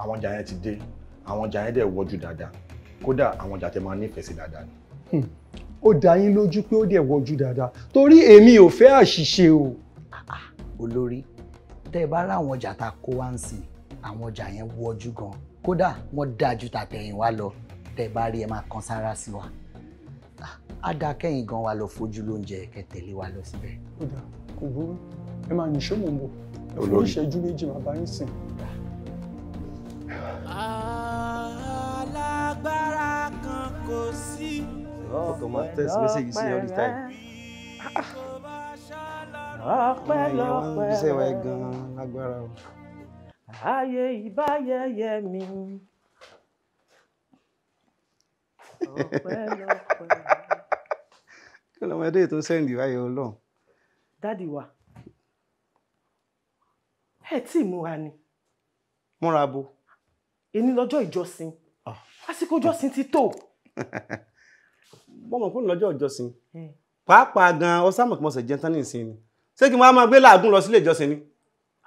àwọn ọjà yẹn ti dé àwọn ọjà yẹn dẹ̀ wọ́jú dáadáa kódà àwọn ọjà tẹ máa nífẹ̀ẹ́ sí dáadáa ni. Hmm. ó dá yín lójú pé ó dẹ̀ wọ́jú dáadáa torí èmi ò fẹ́ àṣìṣe o. Ah, olórí tẹ́ ẹ bá ráwọn ọjà tá a kó wá ń sìn àwọn ọjà yẹn wọ́jú gan kódà wọ́n dáa ju tàtẹ̀yìnwá lọ tẹ́ ẹ bá rí ẹ máa kan sára sí wa adákẹ́yìn ah, gan wa lọ fojú lóúnjẹ kẹtẹ̀lé wa lọ síbẹ̀. kódà kò burú ẹ máa nìṣó mò ń olórí ìṣẹ́jú méjì máa bá yín sìn. alágbára kan kò sí. ọ̀rọ̀ kan máa text message sí all the time. ọpẹ́ lọ́pẹ́ iṣẹ́ wa gan-an lágbára o. ayé ìbáyẹyẹ mi. ọpẹ́ lọ́pẹ́. kí lọ́mọdé tó sẹ́ǹdì báyìí ọlọ́run. dádì wa ẹ tí ì múra ni. múra bo. èmi lọ́jọ́ ìjọsìn ah. àsìkò ìjọsìn ti tó. [laughs] mo mọ̀ fún lọ́jọ́ ìjọsìn pàápàá gan ọ̀sán mọ̀kìmọ̀sẹ̀ jẹun ní ìsìn ni ṣé kí n máa gbé làágùn lọ sílé ìjọsìn ni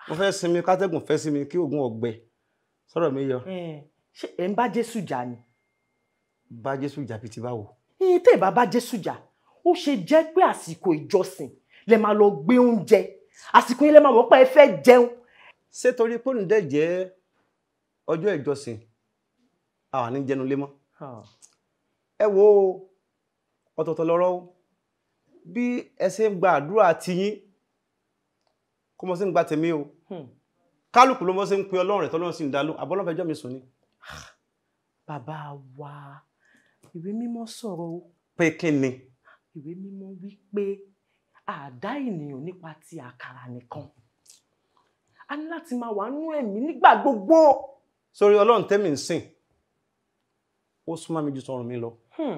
mo fẹ́ sinmi kátẹ́gùn fẹ́ sinmi kí oògùn ọ̀gbẹ sọ̀rọ̀ mi yọ. ṣé ẹ̀ ń bá jésù jà ni. bá jésù jà bíi ti báwo. iye tẹ́ ẹ̀ bá bá jésù jà ó ṣe jẹ́ pé àsìkò ìjọsìn lẹ máa lọ gbé oúnjẹ àsìkò yẹn lẹ máa mọ̀ ẹ fẹ́ jẹun ṣé torí pé òun dẹ̀ jẹ́ ọjọ́ ìjọsìn àwa ní jẹnu lé mọ́ ah. ẹ wo ọ̀tọ̀ọ̀tọ̀ lọ́rọ̀ bí ẹ ṣe ń gba àdúrà tiyín kó mọ́ sí ń gba tèmi o hmm. kálukú ló mọ́ sí ń pe ọlọ́run rẹ̀ tọ́lọ́run sì ń dalú àbọ́lọ́fẹ́jọ́ mi sùn ni. Ah, bàbá wa ìwé mímọ́ sọ̀rọ̀ o. pé kí ni. Ah, ìwé mímọ́ wí pé àdá ènìyàn nípa ti àkàrà nìkan a ní láti máa wà nú ẹ̀mí nígbà gbogbo. sórí ọlọ́run tẹ́mi ń sìn ó súnmọ́ mi ju tọrùn mi lọ hmm.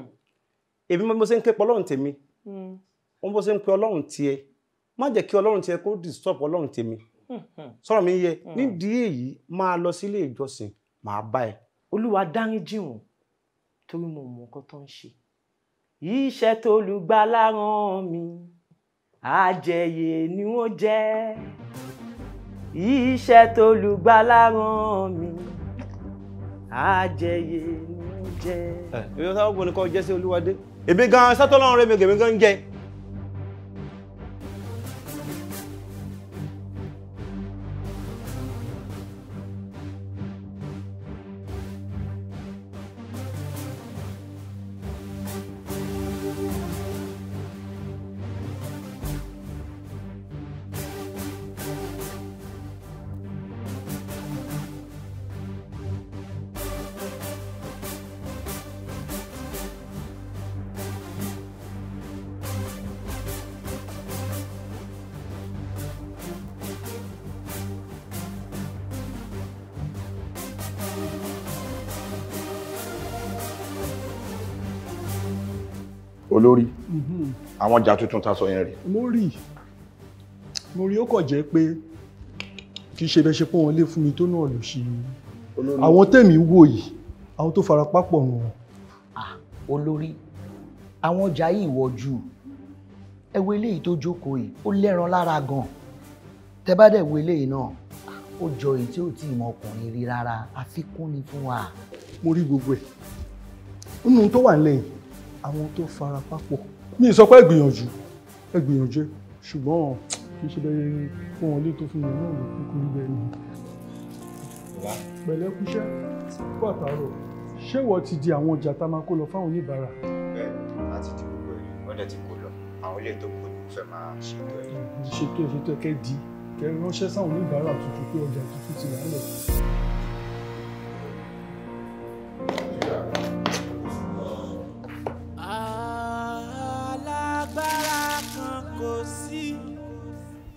èmi mo ṣe ń ké pe ọlọ́run tèmi wọ́n hmm. bó ṣe ń pe ọlọ́run tiẹ̀ má jẹ́ kí ọlọ́run tiẹ̀ kó disturb ọlọ́run tèmi hmm. sọ̀rọ̀ mi yẹ nídìí èyí máa lọ sílé ìjọsìn màá bá ẹ. olúwa dáríjì wọ́n torí mo mọ nǹkan tó ń ṣe iṣẹ́ tó lùgbàlà rán mi àjẹyè ni wọ́n jẹ́ iṣẹ́ tó lùgbàlà rán mi àjẹyè ń jẹ. ẹ ìrẹsà ọgbọ̀n nìkan jẹ́ sí olúwadé èmi gan-an sátọ́lọ́run rẹ̀ mi gèmí gan-an jẹ́. àwọn ọjà tuntun ta sọ yẹn rí. mo rí mo rí ó kàn jẹ́ pé kì í ṣe bẹ́ẹ̀ ṣe pọ́n wọn lé fún mi tó náà lò sí i àwọn tẹ̀mí wò yìí àwọn tó fara pápọ̀ nù wọn. Ah, olórí àwọn ọjà yìí wọ̀ jù ẹ wo eléyìí tó jókòó yìí ó lẹ́ran lára gan tẹ bá dẹ̀ wo eléyìí náà ó jọ èyí tí ò tí ì mọ ọkùnrin rí rárá àfikún ni fún wa. mo rí gbogbo ẹ̀ nínú tó wà lẹ́yìn àwọn tó fara pápọ̀ mi sọ pé gbìyànjú ẹ gbìyànjú ṣùgbọ́n kì í ṣe bẹ́ẹ̀ fún wọn lé tó fún mi náà lè kúkú rí bẹ́ẹ̀ ni. pẹ̀lẹ́ kúṣẹ́ kó àtàrọ̀ ṣé wọ́n ti di àwọn ọjà tá a máa kó lọ fáwọn oníbàárà. bẹ́ẹ̀ a ti di gbogbo ẹ̀ wọ́n dẹ̀ ti kó lọ àwọn ilé tó kù ni mo fẹ́ máa ṣètò ẹ̀. ṣètò ẹ̀ ṣètò ẹ̀ kẹ́ di kẹ́ ránṣẹ́ sáwọn oníbàárà tuntun pé ọjà tuntun ti rà lẹ̀.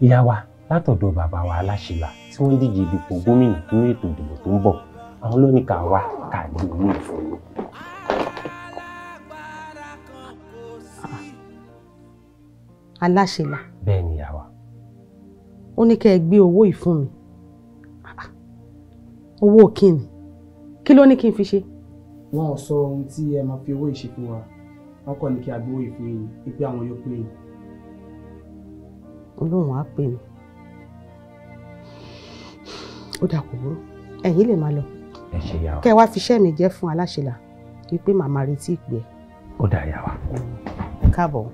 ìyá wa látọ̀dọ̀ bàbá wa aláṣìlá tí wọ́n ń díje dupò gómìnà nínú ètò ìdìbò tó ń bọ̀ àwọn ló ní ká wá ká gbé owó ìfún yín. aláṣìlá. bẹ́ẹ̀ ni ìyá wa. ó ní kẹ́ ẹ gbé owó ìfún mi owó kíni kí ló ní kí n fi ṣe. wọn ò sọ ohun tí ẹ máa fi owó ìṣe fún wa wọn kàn ní kí a gbé owó ìfún yín pé àwọn yóò pé yín olóhùn á pè mí ó dà kò burú ẹ̀yin lè máa lọ kẹ́ ẹ wá fi iṣẹ́ mi jẹ́ fún aláṣẹlà wípé màmá retí ìpè ẹ̀. ó dà yà wá. ẹ káàbọ̀.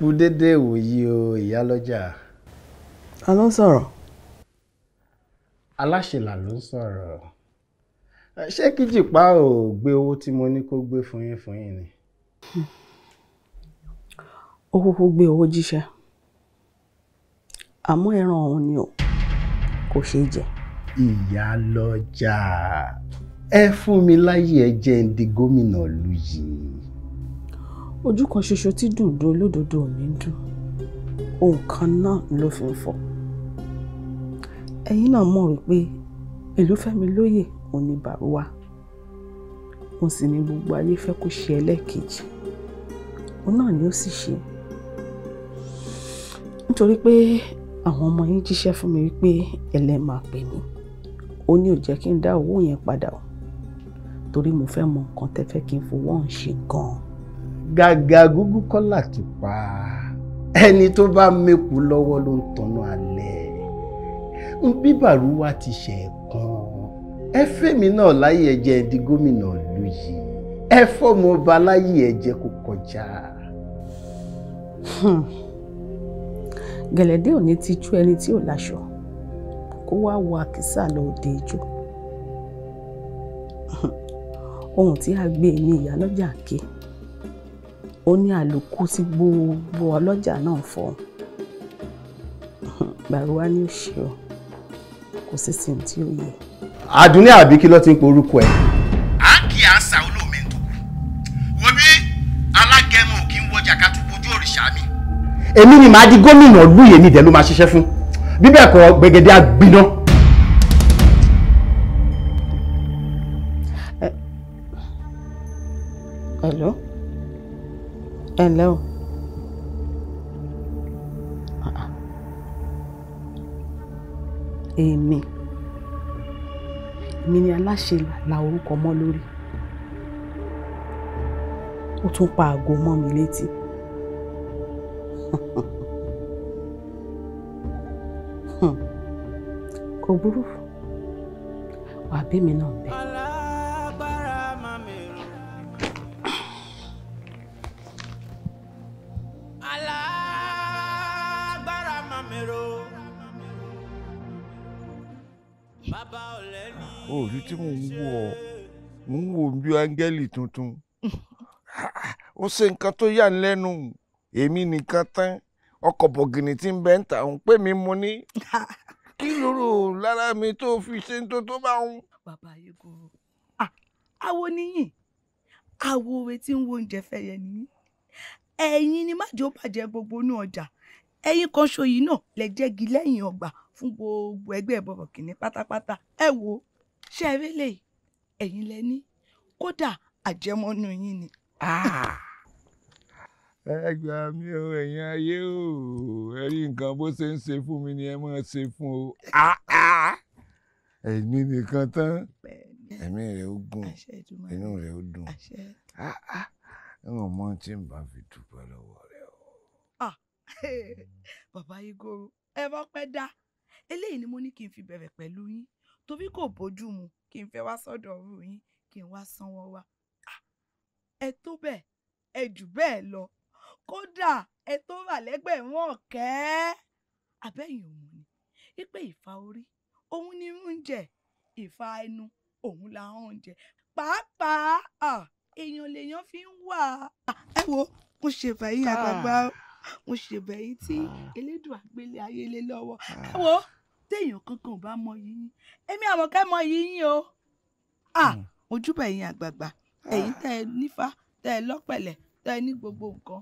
kú dédé ìwòyí o ìyálọ́jà. a ló ń sọ̀rọ̀. aláṣẹlà ló ń sọ̀rọ̀ ṣé kíjìpá ò gbé owó tí mo ní kó gbé fún yín fún yín ni. ó kúkú gbé owó jíṣẹ́ àmọ́ ẹran ọ̀hún ni o kò ṣeé jẹ. ìyálọ́jà ẹ fún mi láyè ẹ jẹ́ ń di gómìnà lu yìí ojú kan ṣoṣo tí dùndú olódodo mi ń dùn ohun kan náà ló fi ń fọ ẹ̀yin náà mọ̀ wípé ìlúfẹ́mi lóye òun ni bàrúwà òun sì ni gbogbo ayé fẹ́ kó ṣe ẹlẹ́ẹ̀kejì òun náà ni ó sì ṣe nítorí pé àwọn ọmọ yín jíṣẹ́ fún mi wípé ẹlẹ́ máa pè mí ó ní ò jẹ́ kí n dá owó yẹn padà o torí mo fẹ́ mọ nǹkan tẹ́ kí n fowó ọ̀hún ṣe gan-an gàgà gúgú kọ́ làtùpà ẹni tó bá mẹ́kù lọ́wọ́ ló ń tanná alẹ́ bíbàrú wa ti ṣe ẹ̀kan ẹ fẹ́mi náà láyé ẹ̀jẹ̀ di gómìnà ìlú yìí ẹ fọ́mọ ọba láyé ẹ̀jẹ̀ kò kọjá. Hmm. gẹ̀lẹ́dẹ́ ò ní ti tú ẹni tí ò láṣọ kó wá wọ àkísà lọ òde ijó hmm. ohun tí a gbé ní ìyálọ́jà ké ó ní àlòkù tí gbogbo ọlọ́jà náà fọ́ gbàrúwá ní òṣì ọ kò sí sí tí ó yẹ. àdúní àbí kí ló ti ń pe orúkọ ẹ. à ń kí àṣà olómi ń tóbi wo bí alágẹmọ kì í wọjà ká tún bójú òrìṣà mi. èmi ni màá di gómìnà lóye mi dẹ̀ ló máa ṣiṣẹ́ fún bíbẹ̀ kọ́ gbẹ̀gẹ̀dẹ̀ àgbiná. Hello? ẹ ǹlẹ́ o èmi èmi ni aláṣẹ la orúkọ mọ́ lórí ó tún pa àgọ́ mọ́ mi létí [laughs] kò burú wàá bí mi náà bẹ́ẹ̀. òòlù tí mò ń wò ọ mò ń wò bí áńgẹ́lì tuntun [laughs] ó ṣe nǹkan tó yà lẹ́nu èmi nìkan tán ọkọ̀ bọ̀gìnì tí ń bẹ́ ń tà ń pè mí mo ní [laughs] kí lóró lára mi tó fi ṣe ń tó tó bá ń. bàbá ayégoro àwo níyìn àwo òwe tí ń wo oúnjẹ fẹyẹ nìyí ẹ̀yin ni májò bàjẹ́ gbogbo inú ọjà ẹ̀yin kan ṣòyí náà lè lẹ́yìn ọgbà fún gbogbo ẹgbẹ́ bọ̀rọ̀kìnní pátápátá ẹ wo ṣé ẹ rélé ẹ̀yin lẹ kódà àjẹmọ́nú yín ni. Ah! ẹ gbà mí o ẹ̀yin ayé o ẹ rí nǹkan bó ṣe ń ṣe fún mi ni ẹ máa ṣe fún o ah, ah! ẹ̀mí nìkan tán ẹ̀mí rẹ̀ ó gùn inú rẹ̀ ó dùn ẹ ò mọ tí n bá fi dúpẹ́ lọ́wọ́ rẹ o. [laughs] bàbá igoro ẹ bọ́ pẹ́ dá eléyìí ni mo ní kí n fi bẹ̀rẹ̀ pẹ̀lú yín torí kò bójú mu kí n fẹ́ wá sọ́dọ̀ ọ̀rù yín kí n wá sanwó wa ẹ tó bẹ́ẹ̀ ẹ jù bẹ́ẹ̀ lọ kódà ẹ tó wà lẹ́gbẹ̀rún ọ̀kẹ́ abẹ́yìn òun ni wípé ìfà orí òun ni oúnjẹ ìfà ẹnu òun la oúnjẹ pàápàá èèyàn lèèyàn fi ń wà. ẹ wo mo ṣèbẹ̀yìn àgbààgbà mo ṣèbẹ̀yìn tí elédùn àgbélé ayé lé lọ́wọ́ ẹ wo téèyàn kankan bá mọ yìí yín èmi àmọ̀kẹ́ mọ yìí o hmm. ojúbà ẹ̀yin àgbààgbà ah. ẹ̀yin tẹ́ ẹ nífá tẹ́ ẹ lọ́pẹ̀lẹ̀ tẹ́ ẹ ní gbogbo nǹkan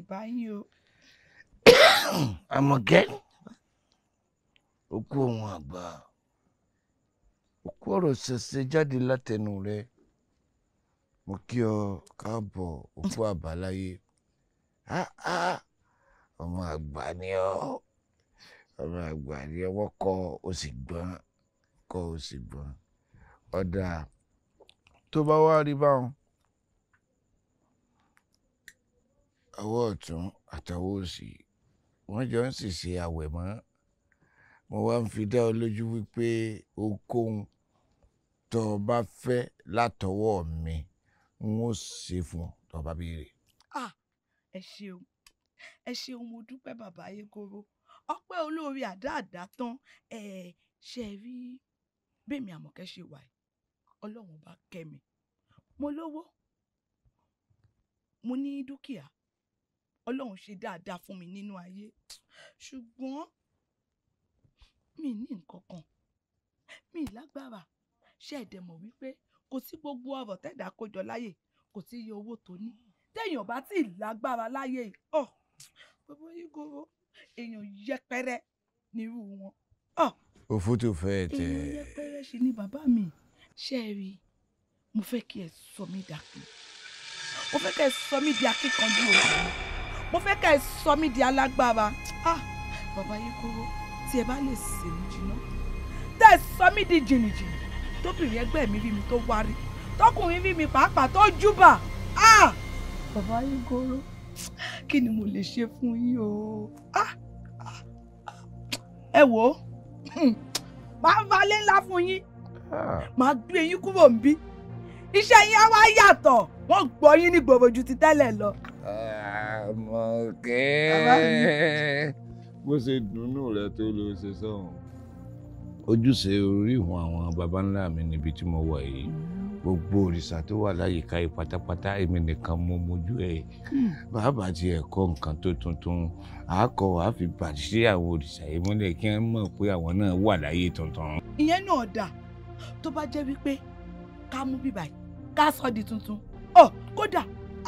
ìbá yín o. [coughs] àmọ̀kẹ́ òkú ohun àgbà òkú ọ̀rọ̀ ṣẹ̀ṣẹ̀ jáde látẹnu rẹ̀ mo kí ọ káàbọ̀ òkú àbáláyé ọmọ àgbà ni ọ ọmọ àgbà ni ọwọ́ kọ́ ó sì gbọ́n kọ́ ó sì gbọ́n ọ̀dà tó bá wá rí báwọn ọwọ́ ọ̀tún àtọwọ́ òsì wọ́n jọ ń ṣèṣe àwẹ̀mọ́ mo wá ń fi dá ọ lójú wípé ohunkóhun tó o bá fẹ́ látọwọ́ mi n ó ṣe fún ọ tó o bá béèrè. Ah! ẹ ṣeun ẹ ṣeun mo dúpẹ́ bàbá ayégoro ọpẹ́ olóore àdáàdá tán ẹ ṣe rí bẹ́ẹ̀mi àmọ̀kẹ́ ṣe wà yìí ọlọ́run bá kẹ́ mi mo lówó mo ní dúkìá ọlọ́run ṣe dáadáa fún mi nínú ayé ṣùgbọ́n mi ní nǹkan kan mi lágbára ṣe ẹ̀dẹ̀ mọ̀ wípé kò sí gbogbo ọ̀rọ̀ tẹ̀dá kójọ láyè kò sí iye owó tó ní téèyàn bá ti lágbára láyè ọ̀ gbogbo yìí gbogbo èèyàn yẹpẹrẹ nírú wọn. Ah! òfú tó fẹ́ tẹ. èèyàn yẹpẹrẹ ṣì ni bàbá mi ṣe é rí mo fẹ́ kí ẹ sọ mí dàpọ̀ mo fẹ́ kí ẹ sọ mí di akíkanjú òṣèlú mo fẹ́ kí ẹ sọ mí di alágbára ah! bàbá yìí kúrò tí ẹ bá lè sè mí jìnnà tẹ́ ẹ sọ mí di jìnnìjìnnì tóbìnrin ẹgbẹ́ mi rí mi tó wárí tọkùnrin rí mi pàápàá tó júbà ah! bàbá yìí kúrò kí ni mo lè ṣe fún yín o ah, ah, ah. ẹ wò ó hmm, máa ń falé ńlá fún yín máa gbé yín kúrò ń bí iṣẹ́ yín á wá yàtọ̀ wọ́n gbọ́ yín ní gbòòrò ju ti tẹ́lẹ̀ lọ. Àmọ̀kẹ́ bó ṣe dùnnú rẹ tó ló ṣe sọ̀hún ojúṣe orí ìhùn àwọn baba ńlá mi níbi tí mo wà yìí gbogbo òrìṣà tó wà láyìíká yìí pátápátá èmi nìkan mo mojú ẹ bàbá hmm. ti ẹ̀kọ́ nǹkan tó tuntun àákọ àfi bàṣẹ àwọn òrìṣà yìí mọ́lẹ̀ kí wọ́n mọ̀ pé àwọn náà wà láyé tuntun. ìyẹn náà dà tó bá jẹ́ wípé ká mú bíbáyìí ká sọ di tuntun ọ kódà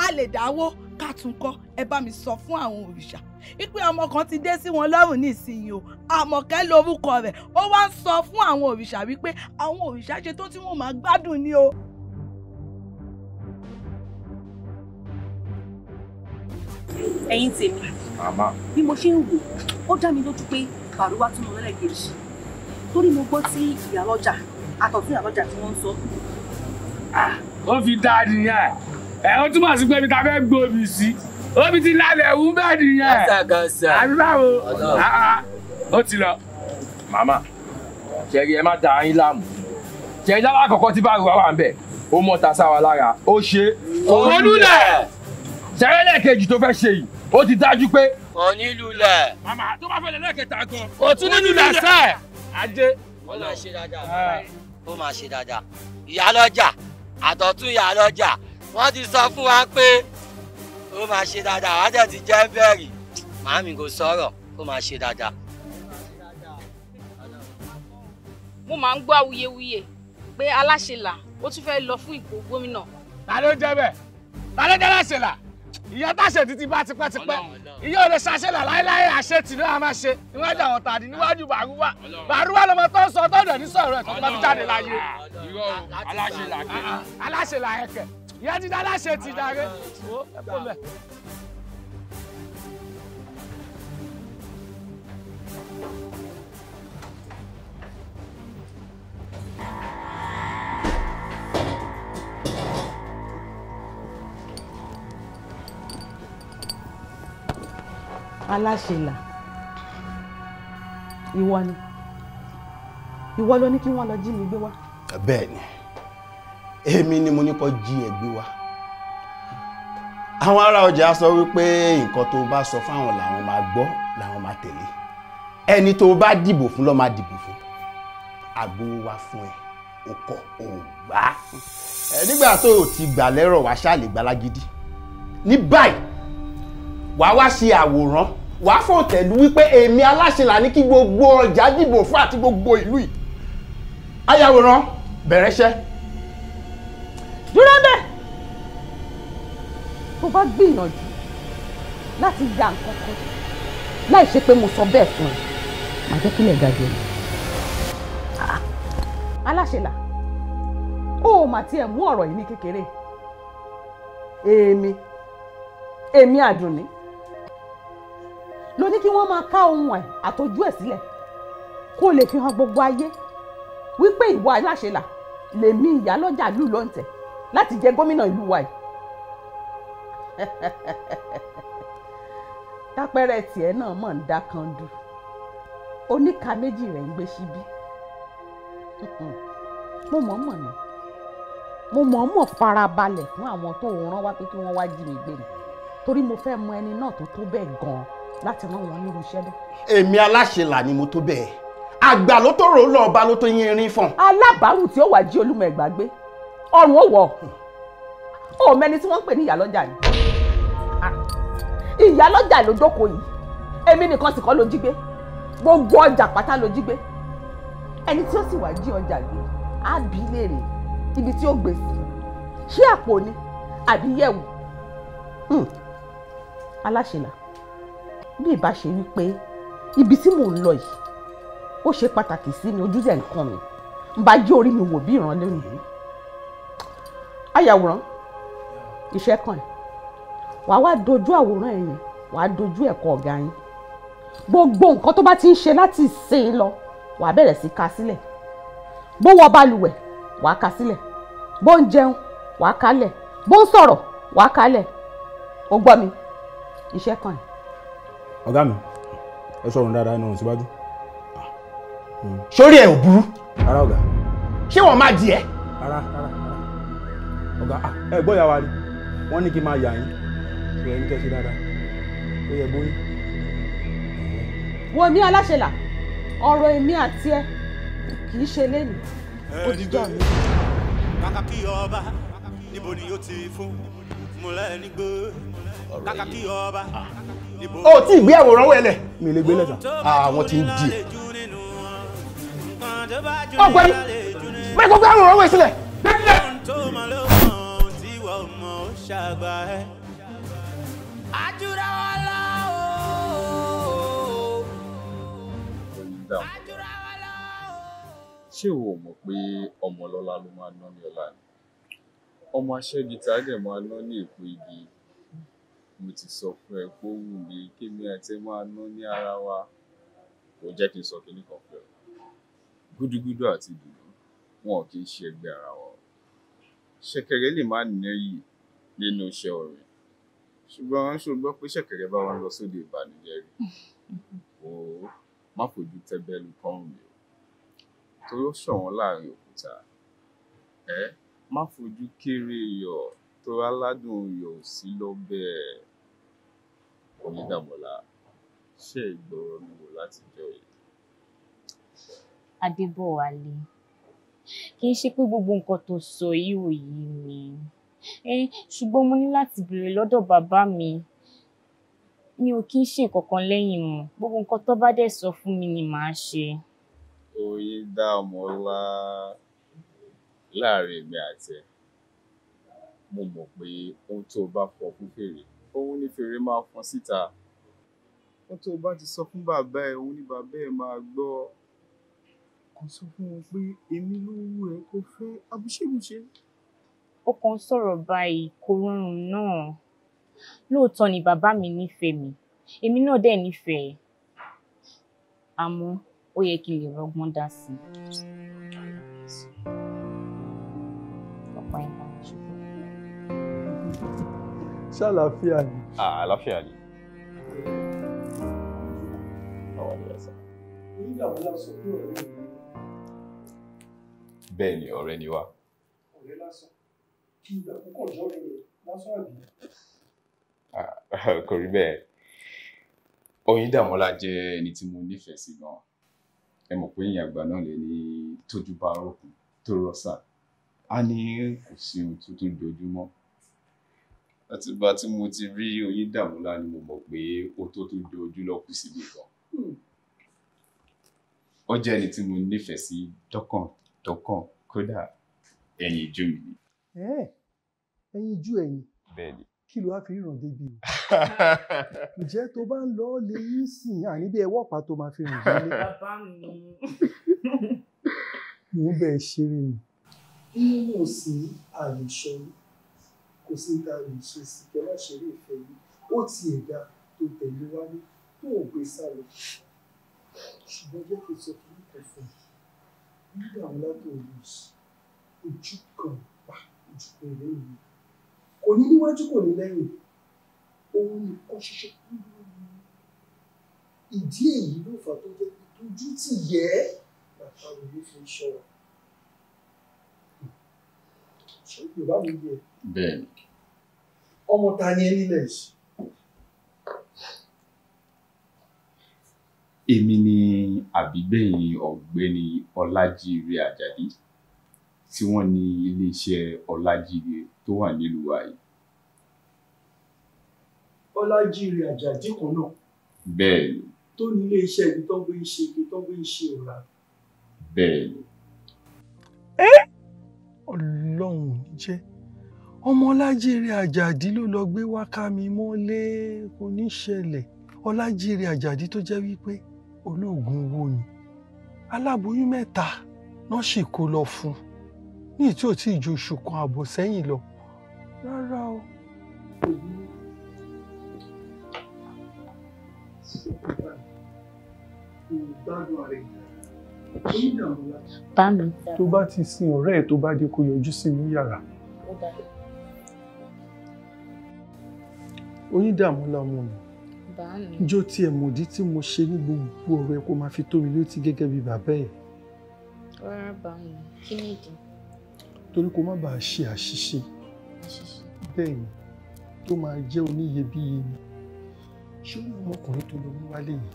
a lè dáwó kátúnkọ́ ẹ bá mi sọ fún àwọn òrìṣà wípé ọmọ kan ti dé sí wọn lọ́rùn nísìnyí o àmọ̀kẹ́ lorúkọ rẹ̀ ó wá ń sọ fún àwọn òrìṣà wípé àwọn òrìṣà ṣe tó tí wọ́n máa gbádùn ni o. ẹ̀yin tèmi bí mo ṣe ń wò ó dá mi lójú pé bàrúwá tún mọ lẹ́lẹ́kejì torí mo gbọ́ tí ìyálọ́jà àtọ̀tún ìyálọ́jà tí wọ́n ń sọ. ó ah, fi dáa nìyẹn ẹ ó túmọ̀ sí pé ibi tá a fẹ́ gbòòbí sí omi ti lálẹ́ ẹ̀wù bẹ́ẹ̀ nìyẹn àbí báwo ah, ah, ó ti lọ. màmá jẹ́rí ẹ má da yín láàmú jẹ́rí lára àkọ́kọ́ tí bá rúwa wà ń bẹ̀ ó mọ̀ ta sáwa lára ó ṣe olúlẹ̀ jẹ́rí lẹ́ẹ̀kejì tó fẹ́ ṣe yìí ó ti dájú pé. kò ní lulẹ̀. màmá tó bá fẹ́ lẹ̀ lẹ́ẹ̀kẹta gan. kò tún ní lulẹ̀ sẹ́ẹ̀. ajé. ó máa ṣe dáadáa ah. ó máa ṣe dáadáa ìyálọ́jà àtọ̀tún ìyálọ́jà wọ́n ti sọ fún wa pé ó máa ṣe dáadáa wá dẹ̀ ti jẹ́ bẹ́ẹ̀rì màámi kò sọ̀rọ̀ ó máa ṣe dáadáa. mo máa ń gbọ́ awuyewuye pé aláṣẹlà ó tún fẹ́ lọ fún ipò gómìnà. ta ló jẹ́ bẹ́ẹ̀ ta ló jẹ́ aláṣẹlà ìyá táṣẹ títí bá tipẹ́tipẹ́ ìyá òde ṣàṣẹlà láéláé àṣẹ tì ní a máa ṣe níwájú àwọn tàdí níwájú bàrúwà bàrúwà lọmọ tó ń sọ tó ń dẹ̀ ní sọ̀rọ̀ ẹ̀ tó ń bá jáde láyé. aláṣẹlà ẹkẹ ìyá ti dá láṣẹ ti dàrẹ ó ẹ kó mẹ. aláṣẹlà ìwọ ni ìwọ ló ní kí wọn lọ jí mi gbé wá. bẹ́ẹ̀ èmi ni mo ní kọ́ jí ẹ gbé wá àwọn ará ọjà sọ wípé nǹkan tó bá sọ fáwọn làwọn máa gbọ́ làwọn máa tẹ̀lé ẹni tó bá dìbò fún ló máa dìbò fún agbowó wá fún ẹ o kọ o gbà ẹ nígbà tó o ti gbà lẹ́rọ̀ wá ṣáàlè gbalágídí ní báyìí wàá wá ṣe àwòrán wàá fò tẹ̀lú wípé èmi aláṣẹ là ní kí gbogbo ọjà dìbò fún àti gbogbo ìlú yìí ayàwòrán bẹ̀rẹ̀ iṣẹ́ dúró ń bẹ̀ tó bá gbìyànjú láti ya nǹkan kan láì ṣe pé mo sọ bẹ́ẹ̀ fún ẹ màá jẹ́ kílẹ̀ gàdé ah, ẹ̀ aláṣẹlà ó mà tiẹ̀ mú ọ̀rọ̀ yìí ní kékeré èmi èmi àdùnní ló ní kí wọ́n máa ká ohun ẹ̀ àtọ́jú ẹ̀ sílẹ̀ kó lè fi hàn gbogbo ayé wípé ìwà aláṣẹlà lèmi ìyálọ́jà lù lọ́ǹtẹ̀ láti jẹ gómìnà ìlú wa yìí [laughs] tápẹ́rẹ́ tiẹ̀ náà mọ̀ ń dá kan dù oníka méjì rẹ̀ ń gbé síbí [laughs] mo mọ̀ mọ̀ ni mo mọ̀ mọ̀ farabalẹ̀ fún àwọn tó rán wá pé kí wọ́n wá jí mi gbé ni torí mo fẹ́ mọ ẹni náà tó tó bẹ́ẹ̀ gan-an láti rán wọn nírú iṣẹ́ bẹ́ẹ̀. èmi aláṣẹlà ni mo tó bẹ́ẹ̀ àgbà ló tó rò ó lọ́ọ́ ba ló tó yín irin fún. alábàárù tí ó wàá jí olúmọ̀ ẹ̀gbá gbé ọrùn ó wọ̀ ọ mẹni tí wọ́n ń pè ní ìyálọ́jà ni ìyálọ́jà ló jókòó yìí èmi nìkan sì kọ́ ló jí gbé gbogbo ọjà pátá ló jí gbé ẹni tí ó sì wá jí ọjà gbé á bí léèrè ibi tí ó gbé sí ṣé àpò ni àbí yẹ̀wò hmm, aláṣẹlà bí ìbá ṣe wí pé ibi tí mò ń lọ yìí ó ṣe pàtàkì sí mi ojú nǹkan mi ń bá jí orí mi wò bí ìrànlẹ́ nìyí ayàwòrán iṣẹ́ kàn ẹ́ wàá wá dojú àwòrán ẹ̀yìn wàá dojú ẹ̀kọ́ ọ̀gá yín gbogbo nǹkan tó bá ti ń ṣe láti ìsìn lọ wàá bẹ̀rẹ̀ sí ka sílẹ̀ bó wọ balùwẹ̀ wàá ka sílẹ̀ bó ń jẹun wàá kalẹ̀ bó ń sọ̀rọ̀ wàá kalẹ̀ o gbọ́ mi iṣẹ́ kan ẹ̀. ọ̀gá mi ẹ sọ̀rọ̀ dáadáa inú síwájú. sórí ẹ ò burú. rárá ọ̀gá. ṣé wọ́n máa di ẹ́. rárá rárá ọ̀gá ah, ẹ gbọ́ ìyá wa ni wọ́n ní kí n máa yà yín ṣe ẹni kẹ́ ṣe dáadáa ó yẹ bóyá. wo mi aláṣẹlà ọ̀rọ̀ èmi àti ẹ kì í ṣe lẹ́nu ó ti dà mí. kàkà kí ọba níbo ni yóò ti fún múlẹ̀ nígbó kàkà kí ọba ah. níbo. ó tí ì gbé àwòrán wẹ̀lẹ̀. mi ò lè gbé lẹ́tà. àwọn ah, ti ń di ẹ̀. ọgbẹ́ni bẹ́ẹ̀ tó gbé àwòrán wẹ̀ sílẹ̀. bẹ́ẹ̀ ṣàgbà ẹ. àjùrà wa lọ ooo. àjùrà wa lọ ooo. ṣé o mọ̀ pé ọmọ ọlọ́lá ló máa ná ní ọ̀la ni ọmọ aṣẹ́gi tá a dẹ̀ máa ná ní èpo igi mo ti sọ fún ẹ pé ó wù mí kémi àti ẹ máa ná ní ara wa kò jẹ́ kí n sọ kí nìkan fún gúdúgúdú àti dùdú wọn kì í ṣe ẹgbẹ́ ara wọn ṣẹ̀kẹ̀rẹ̀ lè má nẹ́yìí nínú iṣẹ́ orin ṣùgbọ́n ṣùgbọ́n pé ṣẹ̀kẹ̀rẹ̀ bá wa lọ sóde ìbànújẹ́ rí o [laughs] má fojú tẹ́bẹ́lú pọ́ùn mi o torí ó ṣọ̀wọ́n láàrin òkúta ẹ má fojú kéré yọ torí aládùn yọ ò sí lọ́bẹ̀ onídàmọ́lá ṣe ìgbọ̀rọ̀ mi wò láti jọ yìí. Adébọ̀wálé kì í ṣe pé gbogbo nǹkan tó sọ yìí ò yí mi ṣùgbọ́n mo ní láti béèrè lọ́dọ̀ bàbá mi mi ò kí ń ṣe kankan lẹ́yìn mọ́ gbogbo nǹkan tó bá dẹ̀ sọ fún mi ni màá ṣe. oyin dá ọmọ ọlá láàrin èmi àti ẹ mo mọ̀ pé ohun tó o bá fọ fún fèrè òun ni fèrè máa fọn síta ohun tó o bá ti sọ fún bàbá ẹ òun ni bàbá ẹ máa gbọ́ kò sọ fún wọn pé èmi ló wù ẹ́ kó fẹ́ abúṣẹ́gùṣẹ́ ó kàn sọ̀rọ̀ báyìí kò rọrùn náà lóòótọ́ ni bàbá mi nífẹ̀ẹ́ mi èmi náà dẹ̀ nífẹ̀ẹ́ àmọ́ ó yẹ kí n lè rọgbọ́n dá sí i. ṣé àlàáfíà ni. àlàáfíà ni. bẹ́ẹ̀ kí ibẹ̀ púpọ̀ lọ́rọ̀ rẹ̀ lásán àbí. Ah, [laughs] kò rí bẹ́ẹ̀ Oyindàmọ́lá jẹ́ ẹni tí mo nífẹ̀ẹ́ sí gan-an ẹ mọ̀ pé èèyàn àgbà náà lè ní tójú bá rọ̀kùn tó rọ̀ṣà á ní kò sí ohun tó tó dojúmọ́ àtìgbà tí mo ti rí Oyindàmọ́lá ni mo mọ̀ pé ó tó tó dojú lọ́kù síbi kan hmm. ó jẹ́ ẹni tí mo nífẹ̀ẹ́ sí dọ́kàn kódà ẹ̀yìn ìjú mi ni ẹyin ju ẹ̀yìn kí ló wá fi ríran débi o [laughs] ǹjẹ́ tó bá ń lọ lè yín sìn àní bí ẹwọ́ ọ̀pá tó máa fi rìn délé. [laughs] bàbá mi. [laughs] mo ń bẹ̀ ṣeré ni. bí mo sì àyè ṣọrí kò sí ta lè ṣe sí kẹ má ṣeré ìfẹ́ yìí ó ti ẹ̀dá tó tẹ̀lé wálé tó ò gbé sá lọ ṣùgbọ́n jẹ́ kí n sọ fún ìkẹfẹ́ nígbà wọn látọ̀ òyìnbó ojú kan pa ojú kan ìrẹ́yìn kò ní níwájú kò ní lẹ́yìn òun nìkan ṣoṣo ìdí èyí ló fà tó jẹ́ ojú ti yẹ ẹ́ bàtà òye fi ṣọ́ra ṣé yorùbá mi yẹ bẹ́ẹ̀ ọmọ ta ni ẹ nílẹ̀ yìí. èmi ni àbígbẹ̀yìn ọ̀gbẹ́ni ọlájíire àjàdí tí wọ́n ní iléeṣẹ́ ọlájíire tó wà nílùú wa yìí. ọlájírè àjàdí kan náà. bẹ́ẹ̀ ni. tó ní iléeṣẹ́ ibi tó ń gbé ń ṣe ibi tó ń gbé ń ṣe ọ̀la. bẹ́ẹ̀ ni. ẹ ọlọ́run ò ní jẹ́ ọmọ ọlájírè àjàdí ló lọ gbé wákàmí mọ́lé kò ní ṣẹlẹ̀ ọlájírè àjàdí tó jẹ́ wípé olóògùn owó ni aláboyún mẹ́ta náà sì kó lọ fún un ní tí ò tí ì ju oṣù kan àbọ̀ sẹ́yìn lọ rárá o Bámi. Tó bá ti sin ọ̀rẹ́ ẹ̀ tó bá dé kó yọjú sí mi yàrá. Onídààmú lámú mi. Jó tí ẹ̀ mọ̀dí tí mo ṣe ní gbogbo ọ̀rọ̀ ẹ̀ kó máa fi tó mi létí gẹ́gẹ́ bí bàbá ẹ̀. Rárá bá mi, kí nìdí? Torí kó má bàa ṣe àṣìṣe bẹ́ẹ̀ ni tó máa jẹ́ oníyebíye ni ṣé ó ní ọmọkùnrin tó lọ mú wálé yìí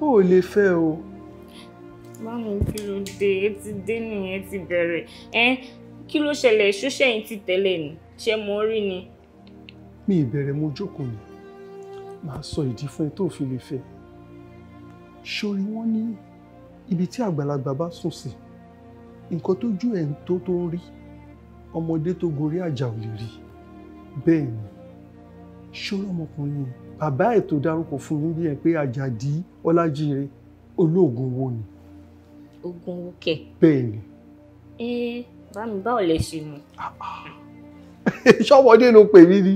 ó lè fẹ́ o. báwo kí ló dé e ti dé nìyẹn ti bẹ̀rẹ̀ ẹ kí ló ṣẹlẹ̀ ṣóṣẹ́ yìí ti tẹ̀lé ni ṣé mo rí ni. mi ìbẹ̀rẹ̀ mo jókòó ni màá sọ ìdí fún ẹ tó fi lè fẹ́ ṣorí wọ́n ní ibi tí àgbàlagbà bá sùn sí nǹkan tójú ẹ̀ ń tó tó ń rí ọmọdé tó gorí àjà ò lè rí i bẹ́ẹ̀ ni ṣọ́rọ́ ọmọkùnrin bàbá ẹ̀ tó dárúkọ fún mi bí ẹ pé àjàdí ọlájire olóògùn owó ni. oògùn owó kẹ. bẹ́ẹ̀ ni. ẹ bá mi báwo lẹ ṣe mọ̀. [laughs] ṣọ́wọ́dé ló pè mí ni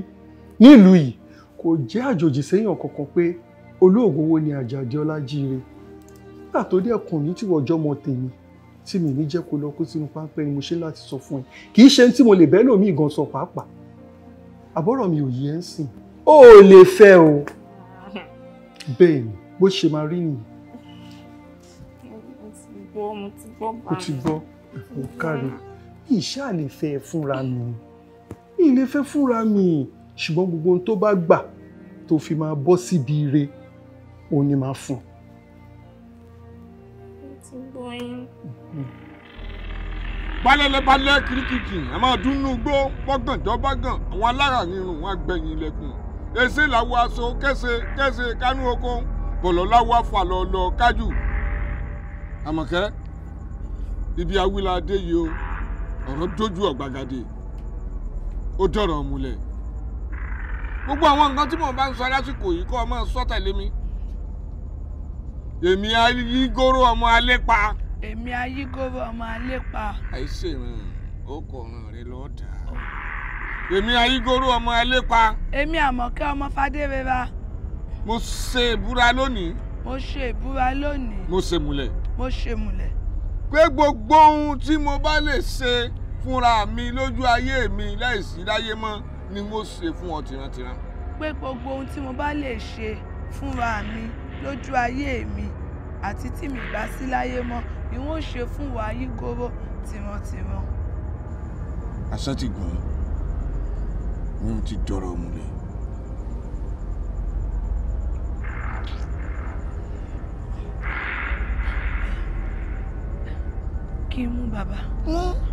nílùú yìí kò jẹ́ àjòjì sẹ́yìn ọ̀kọ̀ọ̀kan pé olóògùn owó ni àjàdí ọlájire nígbà tó dé ẹkùn mi tí wọ́n jọmọ tèmi tí mi ní jẹ́ kó lọ kó sínú páńpẹ́ ni mo ṣe láti sọ fún ẹ kì í ṣe tí mo lè bẹ́ẹ̀ lòmíì gan pàápàá àbọ̀rọ̀ mi ò yí ẹ́ ń sìn ó lè fẹ́ o bẹ́ẹ̀ ni bó ṣe máa rí nìyí. mo ti gbọ́ mo ti gbọ́ mo kárí ìṣá lè fẹ́ fúnra mi ilé fẹ́ fúnra mi ṣùgbọ́n gbogbo ohun tó bá gbà tó fi máa bọ́ síbi ire òun ni máa fún mo ti gbọ́ yín balẹ̀lẹ̀ balẹ̀ kirikiki ẹ̀ máa dún nínú igbó bọ́gànjọ́ bọ́gàn àwọn alára rírun wọn gbẹ̀yìn ilẹ̀kùn èsè làwọ̀ aṣọ kẹsẹ̀ kẹsẹ̀ kánú oko bọ̀lọ̀ làwọ̀ afàlọ́lọ́ kájù. àmọ̀kẹ́ ibi awila adé yìí o ọ̀rọ̀ dojú ọ̀gbagadè ó dọ̀rọ̀ múlẹ̀ gbogbo àwọn nǹkan tí mò bá ń sọ lásìkò yìí kọ́ ọ máa sọ tẹ̀lé mi èmi ayígóró ọmọ alẹ́ pa èmi ayíkóbọ̀ ọmọ alépa. àìsè ràn ó kò ràn rẹ lọ́ọ̀dà. èmi ayígoro ọmọ alépa. èmi àmọ̀kẹ́ ọmọ fadérera. mo ṣe ìbúra lónìí. mo ṣe ìbúra lónìí. mo ṣe múlẹ̀. mo ṣe múlẹ̀. pé gbogbo ohun tí mo bá lè ṣe fúnra mi lójú ayé mi láìsí láyé mọ́ ni mo ṣe fún ọ tìrantìran. pé gbogbo ohun tí mo bá lè ṣe fúnra mi lójú ayé mi àti tí mi bá sí láyé mọ́ ni wọ́n ṣe fún wa yígoro tìrantìran. asán ti gùn ún mi ti dọ̀rọ̀ múlẹ̀. kí n mú bàbá. Mm.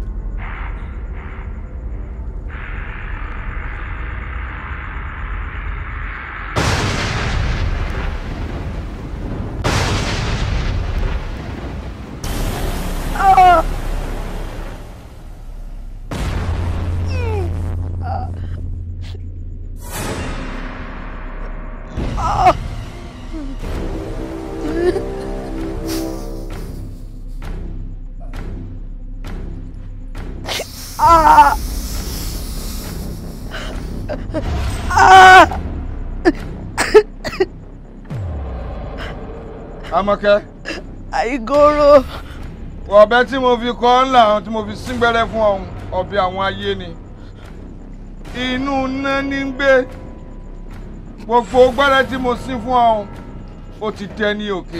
Àmọ̀kẹ́. àìgòrò. ọ̀bẹ tí mo fi kọ́ ńlá àwọn tí mo fi síngbẹ́rẹ́ fún ọ̀hún ọ̀bẹ àwọn ayé ni inú iná ní ń gbé gbogbo gbẹ́rẹ́ tí mo sín fún ọ̀hún ó ti tẹ́ ní òkè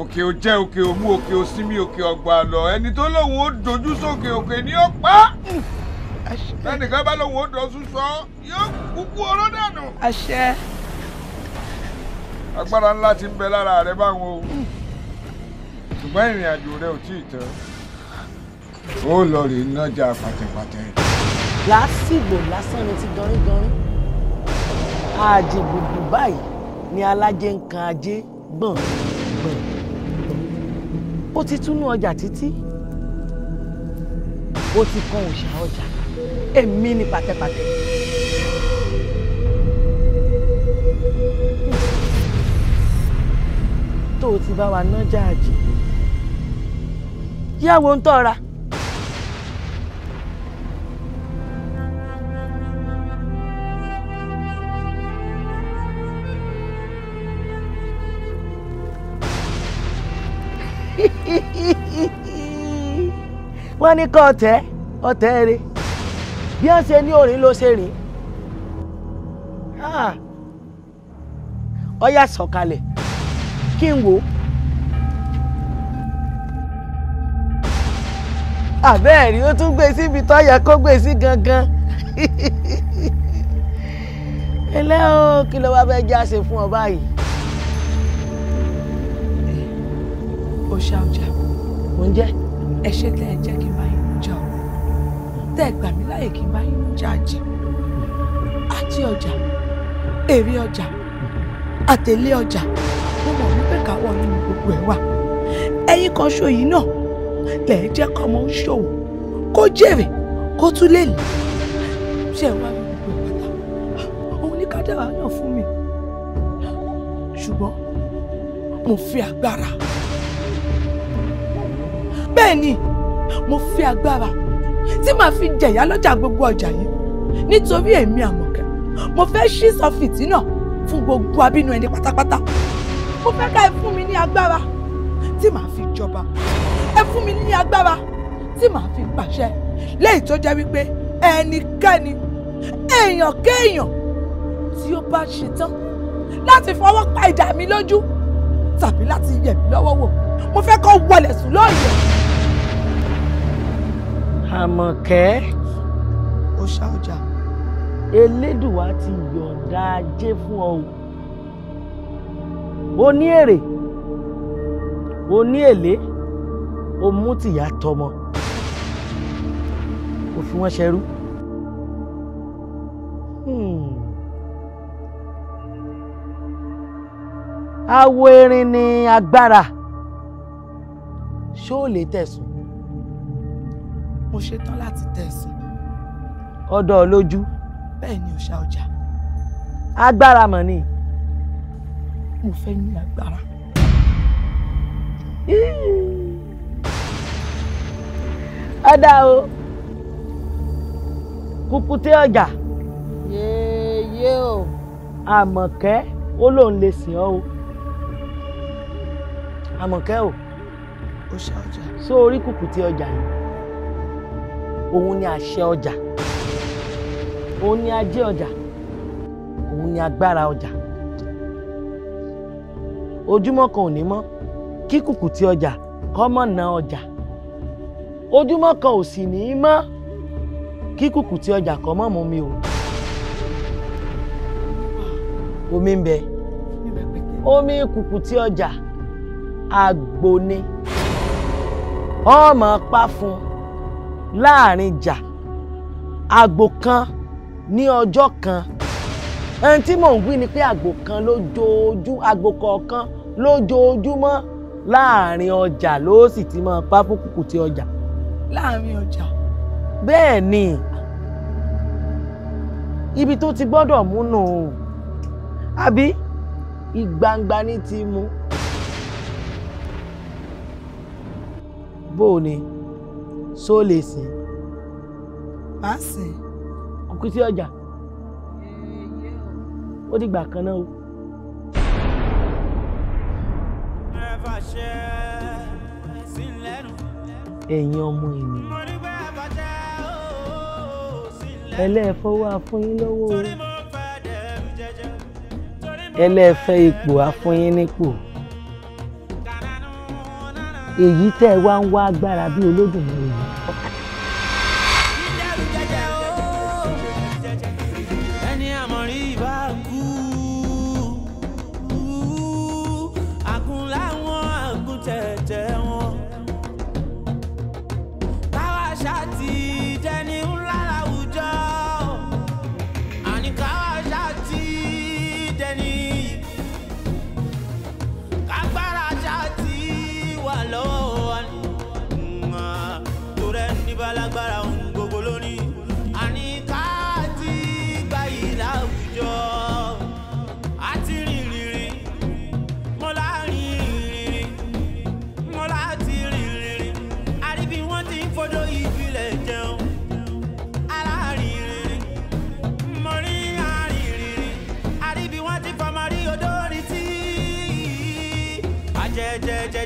òkè ò jẹ́ òkè ò mú òkè ò sinmi òkè ọ̀gbà lọ ẹni tó lóun ó dojú sókè òkè ni ó pa ẹnìkan bá lóun ó dọ̀sùn sọ yóò kúkú oró dànù. àṣẹ agbára ńlá ti ń bẹ lára rẹ báwọn o ṣùgbọ́n ìrìn àjò rẹ ò tíì tán ó lọ rè nájà pàtẹ́pàtẹ́. lásìgbò lásán ni ti dánrídánrí àjìgbùgbù báyìí ni alájẹ ń kan ajé gbọ̀n gbọ̀n ó ti túnú ọjà títí ó ti kan òòṣà ọjà èmi ni pàtẹ́pàtẹ́. tó o ti bá wa ná jáàjì yàwó ń tọ́ra. [laughs] wọ́n ní kọ́ ọ̀tẹ́ ọ̀tẹ́ rẹ bí wọ́n ṣe ní òrìn ló ṣe rìn ọ̀yà ah! sọ̀kalẹ̀ kí n wò ó. àbẹ́ẹ̀rí ó tún gbé síbi tó yẹ kó gbé sí gangan. [laughs] ẹlẹ́ o kí ló wá fẹ́ já ṣe fún ọ báyìí. ó ṣá ọjà. oúnjẹ. ẹ ṣe tẹ ẹ jẹ́ kí n bá yín jà ọ tẹ ẹ gbà mí láàyè kí n bá yín jà jì àti ọjà èrè ọjà àtẹlé ọjà mo mọ̀ wípé káwọ́ nínú gbogbo ẹ̀ wà ẹ̀yin kan ṣo yìí náà lẹ̀ ẹ́ jẹ́ kọ́mọ ń ṣòwò kó jèrè kó tún lè lè ṣe wá mi gbogbo ẹ̀ pátá òun ní kádàrá náà fún mi ṣùgbọ́n mo fi agbára bẹ́ẹ̀ ni mo fi agbára tí màá fi jẹ̀yà lọ́jà gbogbo ọjà yìí nítorí èmi àmọ̀kẹ́ mo fẹ́ ṣí sọ fìtínà fún gbogbo abínú ẹni pátápátá mo fẹ́ ká ẹ fún mi ní agbára tí màá fi jọba ẹ fún mi ní agbára tí màá fi pàṣẹ léyìí tó jẹ́ wípé ẹnikẹ́ni èèyàn kéèyàn tí ó bá ṣetán láti fọwọ́ pa idà mi lójú tàbí láti yẹ̀ mí lọ́wọ́ wò mo fẹ́ kó wọlé sùn lóòyè. àmọ̀kẹ́. ó ṣá ọjà. elédùwà ti yọ̀ǹda ajé fún ọ o ní èrè o ní èlé o mú tìyá tọmọ o fi wọ́n ṣẹrú. Hmm. awo erin ni agbára ṣó lè tẹ̀sùn. mo ṣetán láti tẹ̀sùn. ọ̀dọ̀ lójú. bẹ́ẹ̀ ni òòṣà ọjà. agbára mọ̀ ni mo fẹ́ ní agbára. ọ̀dà o kùkùté ọjà. yéèyé o. àmọ̀kẹ́ ó lóun lè sìn ọ́ o àmọ̀kẹ́ o ó ṣe ọjà. só orí kùkùté ọjà yìí òun ni àṣẹ ọjà òun ni ajé ọjà òun ni agbára ọjà ojúmọ́ kan ò ní mọ́ kí kùkùtì ọjà kọ́ mọ̀ na ọjà ojúmọ́ kan ò sì ní mọ́ kí kùkùtì ọjà kọ́ mọ̀ mú mi o omi ń bẹ omi kùkùtì ọjà àgbo ni ọmọ pa fún láàrin jà àgbo kan ní ọjọ́ kan ẹni tí mò ń wí ni pé àgbò kan lójoojú àgbò kọ̀ọ̀kan lójoojúmọ́ láàrin ọjà ló sì ti máa pa fúkúkú ti ọjà. láàrin ọjà. bẹ́ẹ̀ ni ibi tó ti gbọ́dọ̀ múnú o àbí ìgbangba ní ti mú. bó o ní sóò lè má sìn. òkú sí ọjà ó dìgbà kan náà o. ẹ̀yin ọmọ ènìyàn ẹlẹ́ẹ̀fọwọ́ afúnyín lọ́wọ́ ẹlẹ́ẹ̀fẹ́ ipò afúnyín nípò èyí tẹ́ ẹ wá ń wá agbára bí Olódùmarè yìí.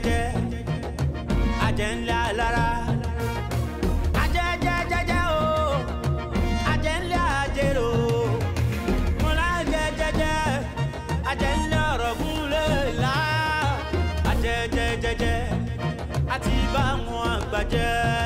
jẹjẹ ajẹ ńlá lára ajẹ jẹjẹjẹ o ajẹ ńlá àjẹrò mo là